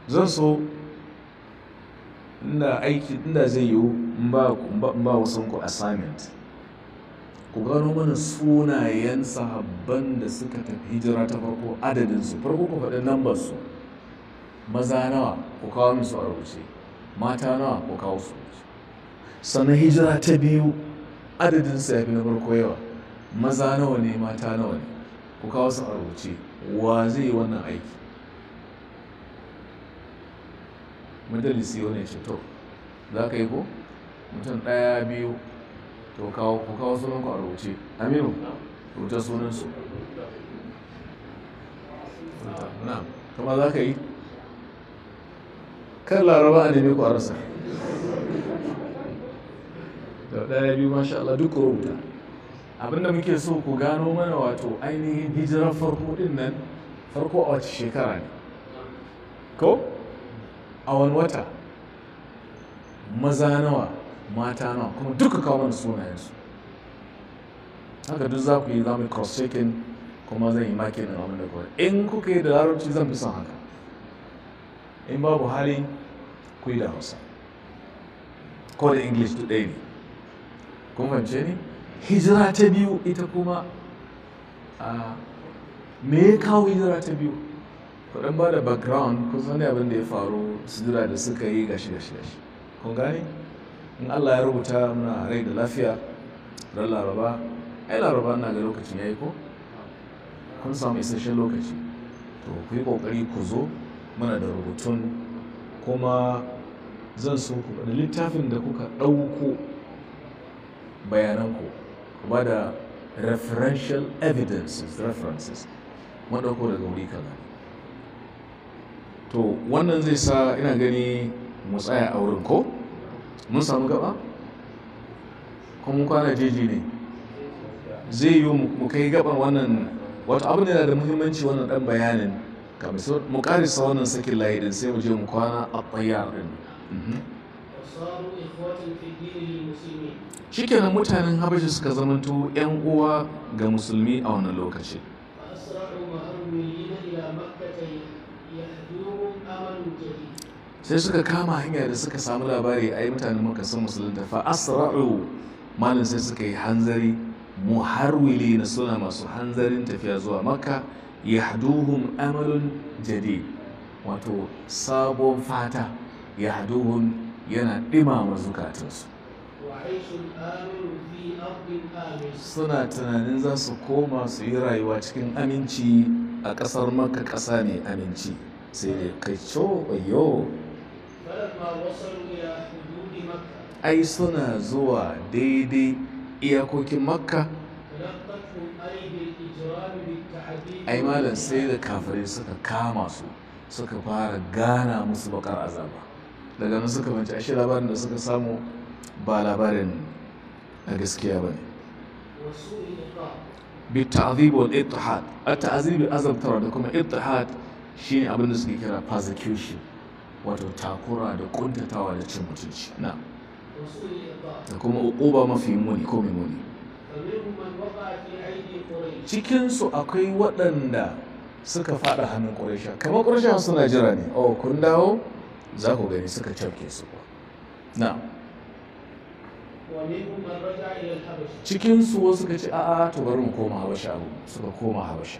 zan so aiki inda zai yiwu in ba wasan ku assignment ku gano mana sunayen sahabban da suka tafi hijira ta farko adadinsu farko ku faɗi nambar su maza nawa ku kawo musu a rubuce mata nawa ku kawo su sannan hijira ta biyu adadinsu ya fi na farko yawa maza nawa ne mata nawa ne ku kawo su a rubuce wa zai yi wannan aiki majalisi wani shi to za ka yi ko mutum ɗaya biyu to kawo ku kawo sunan ku a rubuce aminu rubuta sunan su kuma za ka yi kan laraba a nemi kwararsa da ɗaya biyu masha Allah duk rubuta abinda muke so ku gano mana wato ainihin hijirar farko din nan farko a wace shekara ne ko a wani wata maza nawa mata nawa kuma duka kawo mana sunayensu haka duk za ku yi za mu cross checking kuma zan yi maki da abin da kawai in kuka yi da larabci zan fi son haka in babu hali ku yi da hausa ko da english duk ɗaya ne kun fahimce ni hijira ta biyu ita kuma me ya kawo hijira ta biyu kuɗin ba da background kun san abin da ya faru sujira da suka yi gashi gashi gashi kun gane in allah ya rubuta muna rai da lafiya ran laraba ai laraba na ga lokacin ya yi ko kun samu isasshen lokaci to ku yi ƙoƙari ku zo muna da rubutun kuma zan so ku da littafin da kuka ɗauko bayananku ku ba da referential evidences references maɗauko daga wuri kaza to wannan zai sa ina gani mu tsaya a wurin ko? mun samu gaba kuma kwana jeji ne zai yi mu kai gaban wannan wata abu ne da muhimmanci wannan dan bayanin kamar mu sa wannan sakin layi din sai mu je mu kwana a tsayar din mhm. shikenan mutanen habashi suka zamanto yan uwa ga musulmi a wannan lokaci sai suka kama hanya da suka samu labari ai mutanen maka sun musulunta fa asra'u malin sai suka yi hanzari muharwili na suna masu hanzarin tafiya zuwa makka yahduhum amalun jadi wato sabon fata yahduhum yana ɗimama zukatansu suna tunanin za su koma su yi rayuwa cikin aminci a ƙasar maka ƙasa mai aminci sai dai kai co ai suna zuwa daidai iyakokin makka ai malam sai da kafirai suka kama su suka fara gana musu bakar azaba daga nan suka manci ashe labarin da suka samu ba labarin na gaskiya ba ne بالتعذيب والاضطهاد da kuma ترى لكم اضطهاد abin da suke kira persecution wato takura da kuntatawa da cin mutunci na da kuma uba mafi muni ko mai muni cikinsu akwai waɗanda suka faɗa hannun ƙurasha kamar ƙurasha suna jira ne oh kun dawo za ku gani suka cafke su ba na cikinsu wasu ka ce a'a to bari mu koma habasha suka koma habasha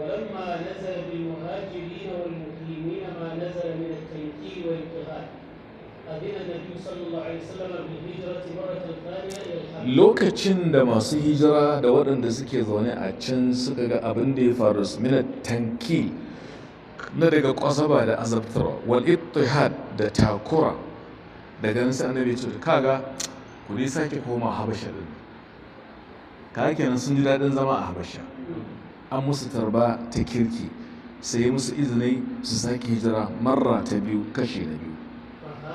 ولما نزل بالمهاجرين والمقيمين ما نزل من التنكيل والابتغال lokacin da masu hijira da waɗanda suke zaune a can suka ga abin da ya faru su mina tanki na daga kwasaba da azabtarwa wal ittihad da takura daga nan sai annabi ce kaga ku sake koma habasha din kaga kenan sun ji daɗin zama a habasha an musu tarba ta kirki sai musu izini su sake hijira marra ta biyu kashe na biyu ban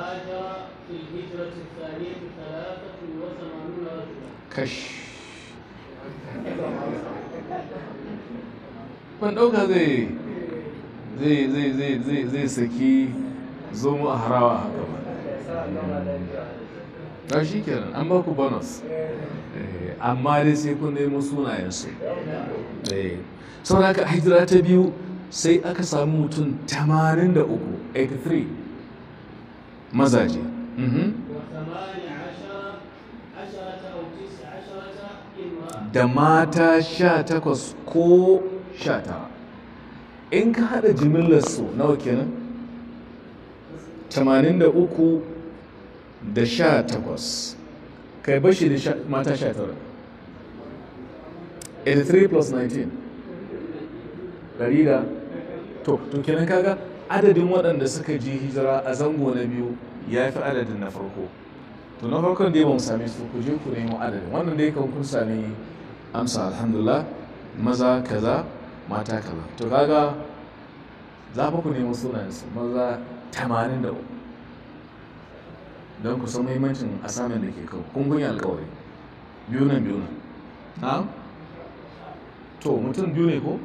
zai saki zo mu a harawa haka ba a shi kenan an ba ku bonus eh, amma dai sai kun nemo sunayensu eh, sau da aka hijira ta biyu sai aka samu mutum 83 83 mazaje mhm. da mata 18 ko 19 in ka haɗa jimillarsu nawa kenan 83 da sha takwas kai bashi da mata sha tara 83 plus 19 ɗari da to to kenan kaga adadin waɗanda suka ji hijira a zango na biyu ya fi adadin na farko to na farkon dai ba mu su ku je ku nemo adadin wannan dai kan kun sami amsa alhamdulillah maza kaza mata kaza to kaga za ku nemo sunayensu maza 83 don ku san a asamin da ke kawo kun yi alkawari biyu nan biyu nan na to mutum biyu ne ko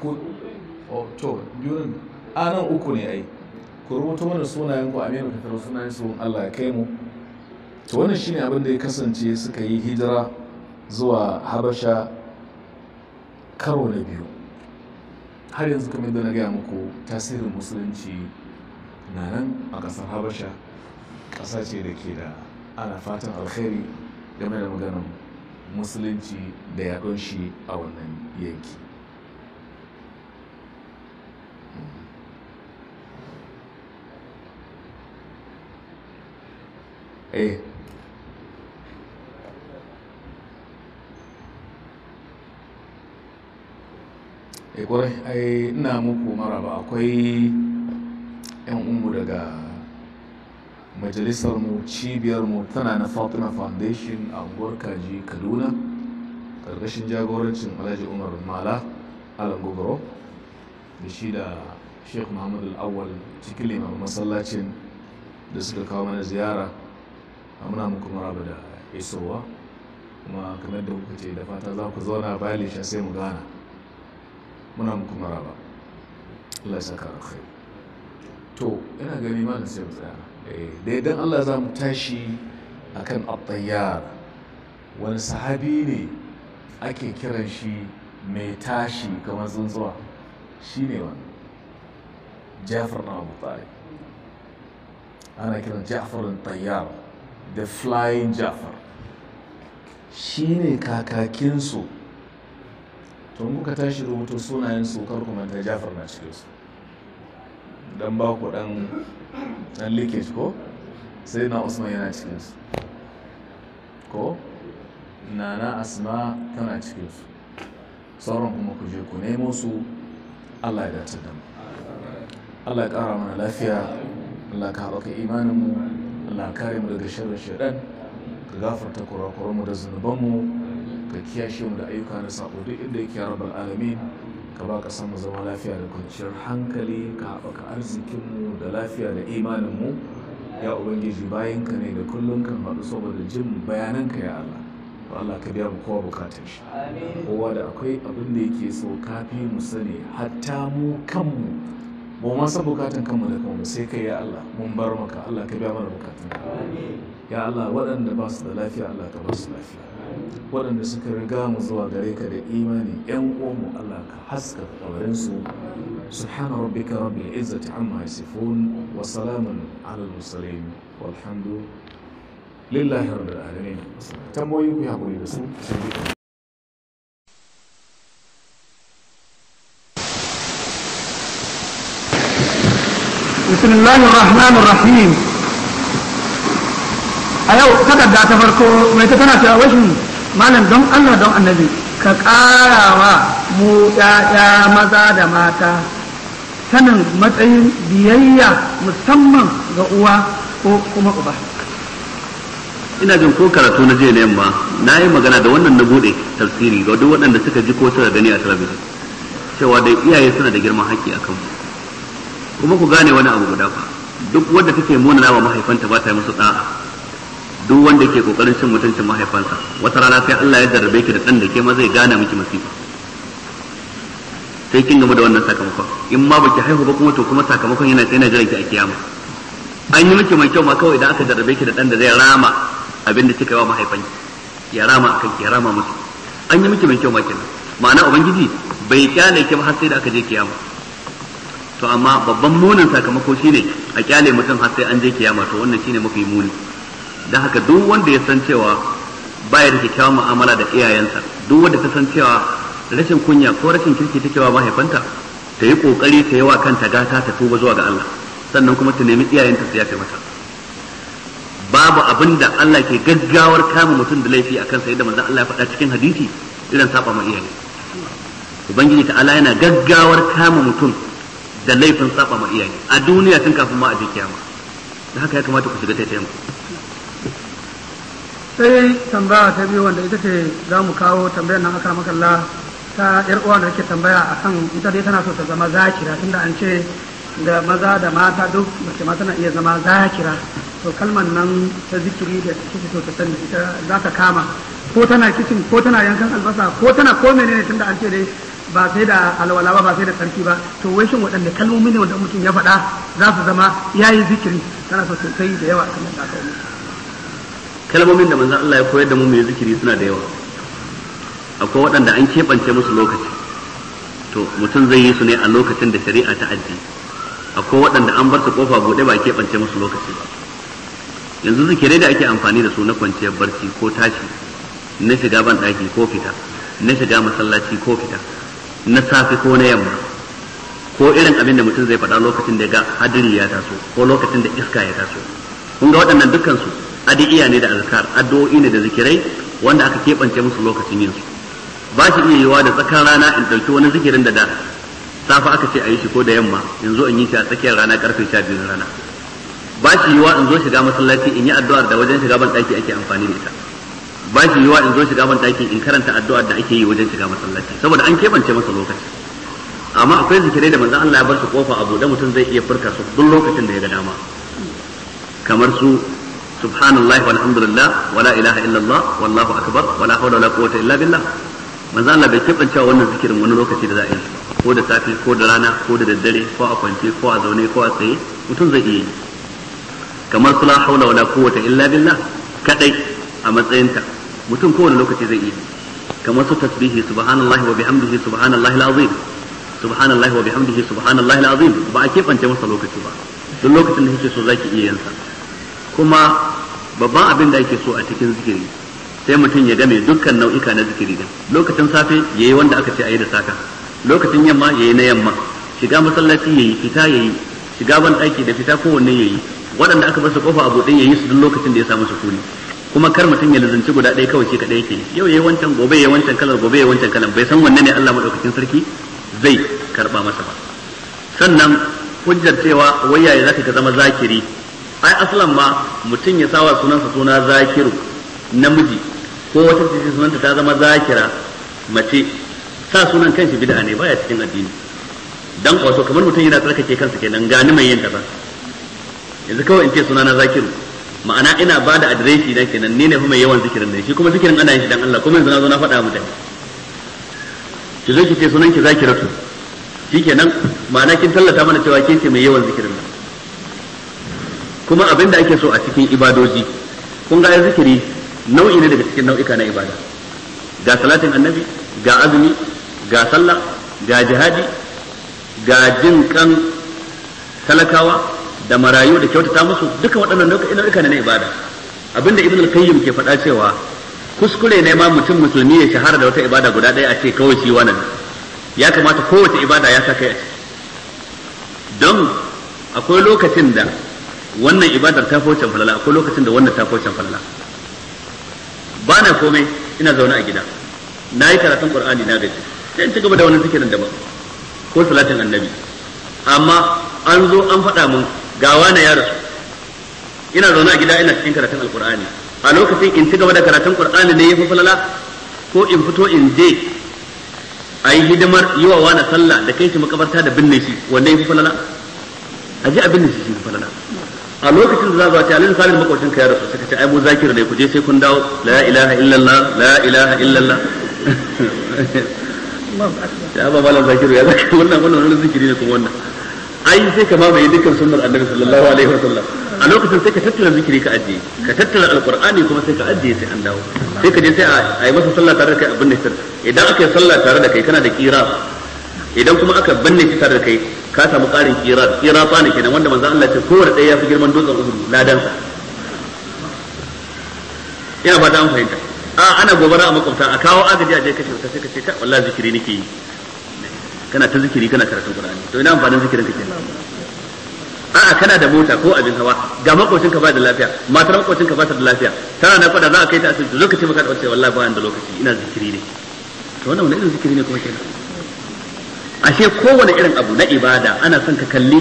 ku oh, to biyu nan a nan uku ne ai ku rubuta mana sunayen ku aminu ka karo sunayen su Allah ya kai mu to wannan shine abin da ya kasance suka yi hijira zuwa habasha karo na biyu har yanzu kamar da na gaya muku tasirin musulunci na nan a ƙasar habasha ƙasa ce da ke da ana fatan alkhairi game da maganin musulunci da ya shi a wannan yanki eh, eh ai ina muku maraba akwai 'yan umu daga majalisarmu cibiyarmu tana na fatima foundation a unguwar kaji kaduna ƙarƙashin jagorancin alhaji umar mala alan gogoro da shi da sheikh muhammad al'awwal cikin liman masallacin da suka kawo mana ziyara a muna muku maraba da isowa kuma kamar da kuka ce da fata za ku zauna bayan lisha sai mu gana muna muku maraba Allah ya to ina gani malam sai mu tsaya Eh, da idan Allah za mu tashi a kan attayyar wani sahabi ne ake kiran shi mai tashi kamar tsuntsuwa shi ne wani jafar na abu tsari ana kiran jafarin Tayar the flying jafar shi ne kakakinsu tun muka tashi rubutu sunayen su kar ku ta jafar na cikinsu dan ba ku dan dan leakage ko sai na usman yana cikinsu ko nana asma tana cikinsu sauran kuma ku je ku nemo su allah ya dace da mu allah ya kara mana lafiya allah ka haɓaka imaninmu allah kare mu daga shirin shaɗan ka gafarta kurakuranmu da zunubanmu ka kiyashe mu da ayyuka na sabo duk inda yake rabar alamin ka ba ka samu zama lafiya da kwanciyar hankali ka haɓaka arzikinmu da lafiya da imaninmu ya ubangiji Bayan ka ne da kullum kan haɗu saboda jin bayananka ya Allah Ba Allah ka biya mu kowa bukatar shi kowa da akwai abin da yake so kafi mu sani hatta mu kanmu mu ma san bukatan kanmu da kanmu sai kai ya Allah mun bar maka Allah ka biya mana bukatun ya Allah waɗanda ba su da lafiya Allah ka ba su lafiya waɗanda suka riga mu zuwa gare ka da imani yan uwanmu Allah ka haska kabarinsu subhana rabbika rabbil izzati amma yasifun wa salamun ala mursalin walhamdu lillahi rabbil alamin tamboyi ku hakuri da su بسم الله الرحمن الرحيم a yau takarda ta farko mai ta tana cewa malam don allah don annabi ka ƙara wa mu ya'ya maza da mata sanin matsayin biyayya musamman ga uwa ko kuma uba ina jin ko karatu na jiya na yamma na yi magana da wannan na buɗe tafsiri ga duk waɗanda suka ji ko suka gani a talabijin cewa da iyaye suna da girman haƙƙi a kanmu kuma ku gane wani abu guda fa duk wanda take munana wa mahaifanta ba ta yi musu ɗa'a. duk wanda ke kokarin cin mutuncin mahaifansa wata rana sai Allah ya jarrabe ki da dan da ke ma zai gana miki masifa sai kin gama da wannan sakamakon in ma baki haihu ba kuma to kuma sakamakon yana sai na jira ki a kiyama an yi miki mai kyau ma kawai idan aka jarrabe ki da dan da zai rama abin da kika yi wa mahaifanki ya rama akan ki ya rama musu an yi miki mai kyau ma kenan ma'ana ubangiji bai kyale ki ba har sai da aka je kiyama to amma babban munin sakamako shine a kyale mutum har sai an je kiyama to wannan shine mafi muni don haka duk wanda ya san cewa baya da kyakkyawan mu'amala da iyayensa duk wanda ta san cewa rashin kunya ko rashin kirki take wa mahaifanta ta yi kokari ta yi wa kanta gata ta tuba zuwa ga Allah sannan kuma ta nemi iyayenta su yafe mata babu abin da Allah ke gaggawar kama mutum da laifi a kan sa yadda manzon Allah ya faɗa cikin hadisi irin saba ma iyaye ubangiji ta Allah yana gaggawar kama mutum da laifin saba ma iyaye a duniya tun kafin ma a je kiyama da haka ya kamata ku shiga taitayen sai tambaya ta biyu wanda ita ce za mu kawo tambayar nan aka makalla ta yar uwa da take tambaya akan ita dai tana so ta zama zakira tunda an ce da maza da mata duk mace ma tana iya zama zakira to kalman nan ta zikiri da kike so ta sani ita za ta kama ko tana kicin ko tana yankan albasa ko tana ko menene tunda an ce dai ba sai da alwala ba ba sai da sarki ba to wai shin waɗanne kalmomi ne wanda mutum ya faɗa za su zama yayi zikiri tana so sosai da yawa kamar da kalmomin da manzon Allah ya koyar da mu mai zikiri suna da yawa akwai waɗanda an keɓance musu lokaci to mutum zai yi su ne a lokacin da shari'a ta aji akwai waɗanda an bar su kofa buɗe ba a keɓance musu lokaci ba yanzu zikire da ake amfani da su na kwanciyar barci ko tashi na shiga ban ɗaki ko fita na shiga masallaci ko fita na safe ko na yamma ko irin abin da mutum zai faɗa lokacin da ga hadiri ya taso ko lokacin da iska ya taso kun ga waɗannan dukkan adi'iya ne da azkar addu'o'i ne da zikirai wanda aka keɓance musu lokacin yin su ba shi iya yiwa da tsakar rana in ɗauki wani zikirin da da safa aka ce a yi shi ko da yamma yanzu in yi shi a tsakiyar rana karfe sha biyu rana ba shi yiwa in zo shiga masallaci in yi addu'ar da wajen shiga ban ɗaki ake amfani da ita ba shi yiwa in zo shiga ban ɗaki in karanta addu'ar da ake yi wajen shiga masallaci saboda an keɓance masa lokaci amma akwai zikirai da manzon Allah ya bar su kofa a buɗe mutum zai iya furta su duk lokacin da ya ga dama kamar su subhanallahi walhamdulillah wala ilaha illallah wallahu akbar wala hawla wala quwwata illa billah manzo Allah bai kebance wannan zikirin wani lokaci da za a yi ko da safe ko da rana ko da daddare ko a kwance ko a zaune ko a tsaye mutum zai iya yi kamar sula haula wala quwwata illa billah kadai a matsayinta mutum kowane lokaci zai iya kamar su tasbihi subhanallahi wa bihamdihi subhanallahi alazim subhanallahi wa bihamdihi subhanallahi alazim ba a kebance masa lokaci ba duk lokacin da kike so zaki iya yansa. kuma babban abin da ake so a cikin zikiri sai mutum ya game dukkan nau'ika na zikiri din lokacin safe ya yi wanda aka ce a yi da saka lokacin yamma ya yi na yamma shiga masallaci ya yi. fita ya yi. shiga ban daki da fita kowanne yi. waɗanda aka bar su kofa a buɗe ya yi su duk lokacin da ya samu sukuni kuma kar mutum ya lazanci guda ɗaya kawai shi kaɗai yake yau ya yi wancan gobe ya yi wancan kalar gobe ya yi wancan kalar bai san wanne ne Allah maɗaukakin sarki zai karɓa masa ba sannan hujjar cewa wai yaya zaka ka zama zakiri ai aslan ma mutum ya sawa sunansa suna zakiru namiji ko wata ce sunanta ta zama zakira mace sa sunan kanshi bid'a ne baya cikin addini dan kwaso kamar mutum yana tsarkake kansa kenan gani mai yin kaza yanzu kawai in ce sunana zakiru ma'ana ina ba da adireshi na kenan ni ne fa mai yawan zikirin ne shi kuma zikirin ana yin shi dan Allah kuma yanzu na zo na faɗa mutane ki zo ki ce sunan ki zakiratu shi kenan ma'ana kin tallata mana cewa kin ce mai yawan zikirin nan kuma abin da ake so a cikin ibadoji kun ga zikiri nau'i ne daga cikin nau'ika na ibada ga salatin annabi ga azumi ga sallah ga jihadi ga jin kan talakawa da marayu da kyautata musu duka waɗannan nau'ika ne na ibada abinda ibn al-qayyim ke faɗa cewa kuskure ne ma mutum musulmi ya shahara da wata ibada guda ɗaya a ce kawai shi wannan ya kamata kowace ibada ya sa kai a ciki don akwai lokacin da wannan ibadar ta wancan falala akwai lokacin da wannan ta wancan falala ba na komai ina zaune a gida na yi karatun qur'ani na gaji sai in ci gaba da wani zikirin daban ko salatin annabi amma an zo an faɗa mun ga na ya rasu ina zaune a gida ina cikin karatun alqur'ani a lokacin in ci gaba da karatun qur'ani ne ya fi falala ko in fito in je a yi hidimar yi wa wani sallah da kai shi makabarta da binne shi wanda ya fi falala a ji a binne shi shi falala a lokacin da za zuwa ce alin salin makwacin ka ya rasu suka ce ai mu zakir ne ku je sai kun dawo la ilaha illallah la ilaha illallah ya ba malam zakiru ya zaka wannan wannan wannan zikiri ne kuma wannan ai sai ka mamaye dukkan sunnar annabi sallallahu alaihi wasallam a lokacin sai ka tattara zikiri ka ajiye ka tattara alqur'ani kuma sai ka ajiye sai an dawo sai ka je sai a yi masa sallah tare da kai abin da idan aka yi sallah tare da kai kana da kira idan kuma aka banne shi tare da kai ka samu karin kira kira tsani kenan wanda manzo Allah ce kowanne ya fi girman dutsen uhudu ladan sa ina fata an fahimta a ana gobara a makwabta a kawo agaji a je kashe ka sai ka ce ka wallahi zikiri nake yi kana ta zikiri kana karatun Qur'ani to ina amfanin zikirin ka kenan a a kana da mota ko abin hawa ga makocin ka ba da lafiya matar makocin ka ba ta da lafiya tana na fada za a kai ta asibiti lokaci maka da wace wallahi ba da lokaci ina zikiri ne to wannan wani irin zikiri ne kuma kenan ashe kowane irin abu na ibada ana son ka kalli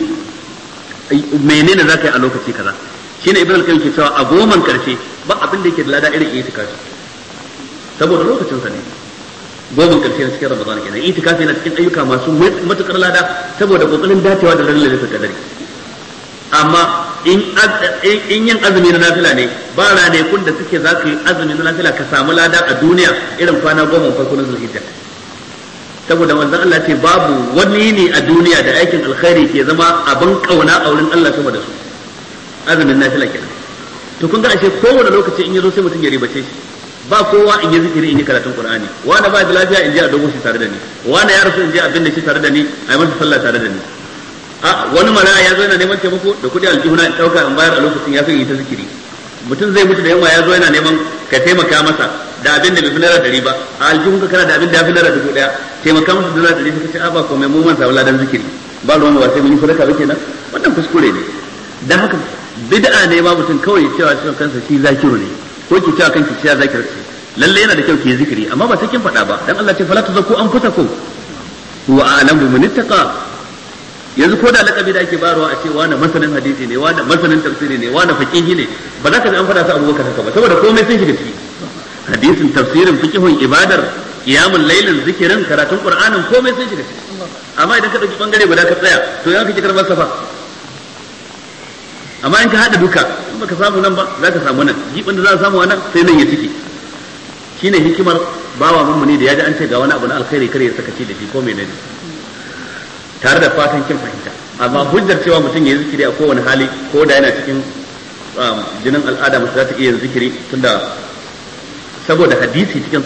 menene za ka yi a lokaci kaza Shi ne al kai ke cewa a goman karshe ba abin da yake da lada irin itikafi saboda lokacin sa ne goman karshe na cikin ramadan kenan itikafi na cikin ayyuka masu matukar lada saboda kokarin dacewa da ranar da kadari amma in yin azumi na nafila ne ba ranakun da suke za ka yi azumi na nafila ka samu lada a duniya irin kwana goma farko na zulhijja saboda manzon Allah ce babu wani ne a duniya da aikin alkhairi ke zama abin kauna a wurin Allah sama da su azumin nafila kenan to kun ga ashe kowane lokaci in yazo sai mutum ya ribace shi ba kowa in yi zikiri in yi karatun qur'ani wani ba da lafiya in je a dogo shi tare da ni wani ya rasu in je a binne shi tare da ni a yi masa sallah tare da ni a wani mara ya zo yana neman taimako da kuɗi aljihuna in ɗauka in bayar a lokacin ya san yi ta zikiri mutum zai mutu da yamma ya zo yana neman ka taimaka masa da abin da bai fi naira ɗari ba a aljihun ka kana da abin da ya fi naira dubu ɗaya taimaka musu da naira ɗari suka ce a ba komai mun manta dan zikiri ba ruwan ba sai mun yi sadaka ba kenan wannan kuskure ne dan haka bid'a ne ba mutum kawai ya cewa cewa kansa shi zakiru ne ko ki cewa kanki cewa zakiru ce lalle yana da kyau ki zikiri amma ba sai kin faɗa ba dan Allah ce fala tuzakku anfusakum wa a'lamu man ittaqa yanzu ko da lakabi da ake barawa a ce wani masanin hadisi ne wani masanin tafsiri ne wani fakihi ne ba za ka ji an faɗa su abubakar haka ba saboda komai sun shiga ciki hadisin tafsirin fikihun ibadar qiyamul lailin zikirin karatun qur'anin komai sai shiga ciki amma idan ka dauki bangare guda ka tsaya to ya kike karban safa amma in ka hada duka in baka samu nan ba za ka samu nan gibin da za ka samu nan sai nan ya ciki shine hikimar bawa mummuni da ya ji an ce ga wani abu na alkhairi kare ya sakaci da shi ko menene tare da fatan kin fahimta amma hujjar cewa mutum ya yi zikiri a kowane hali ko da yana cikin um, jinin al'ada mutum za ta iya zikiri tunda saboda hadisi cikin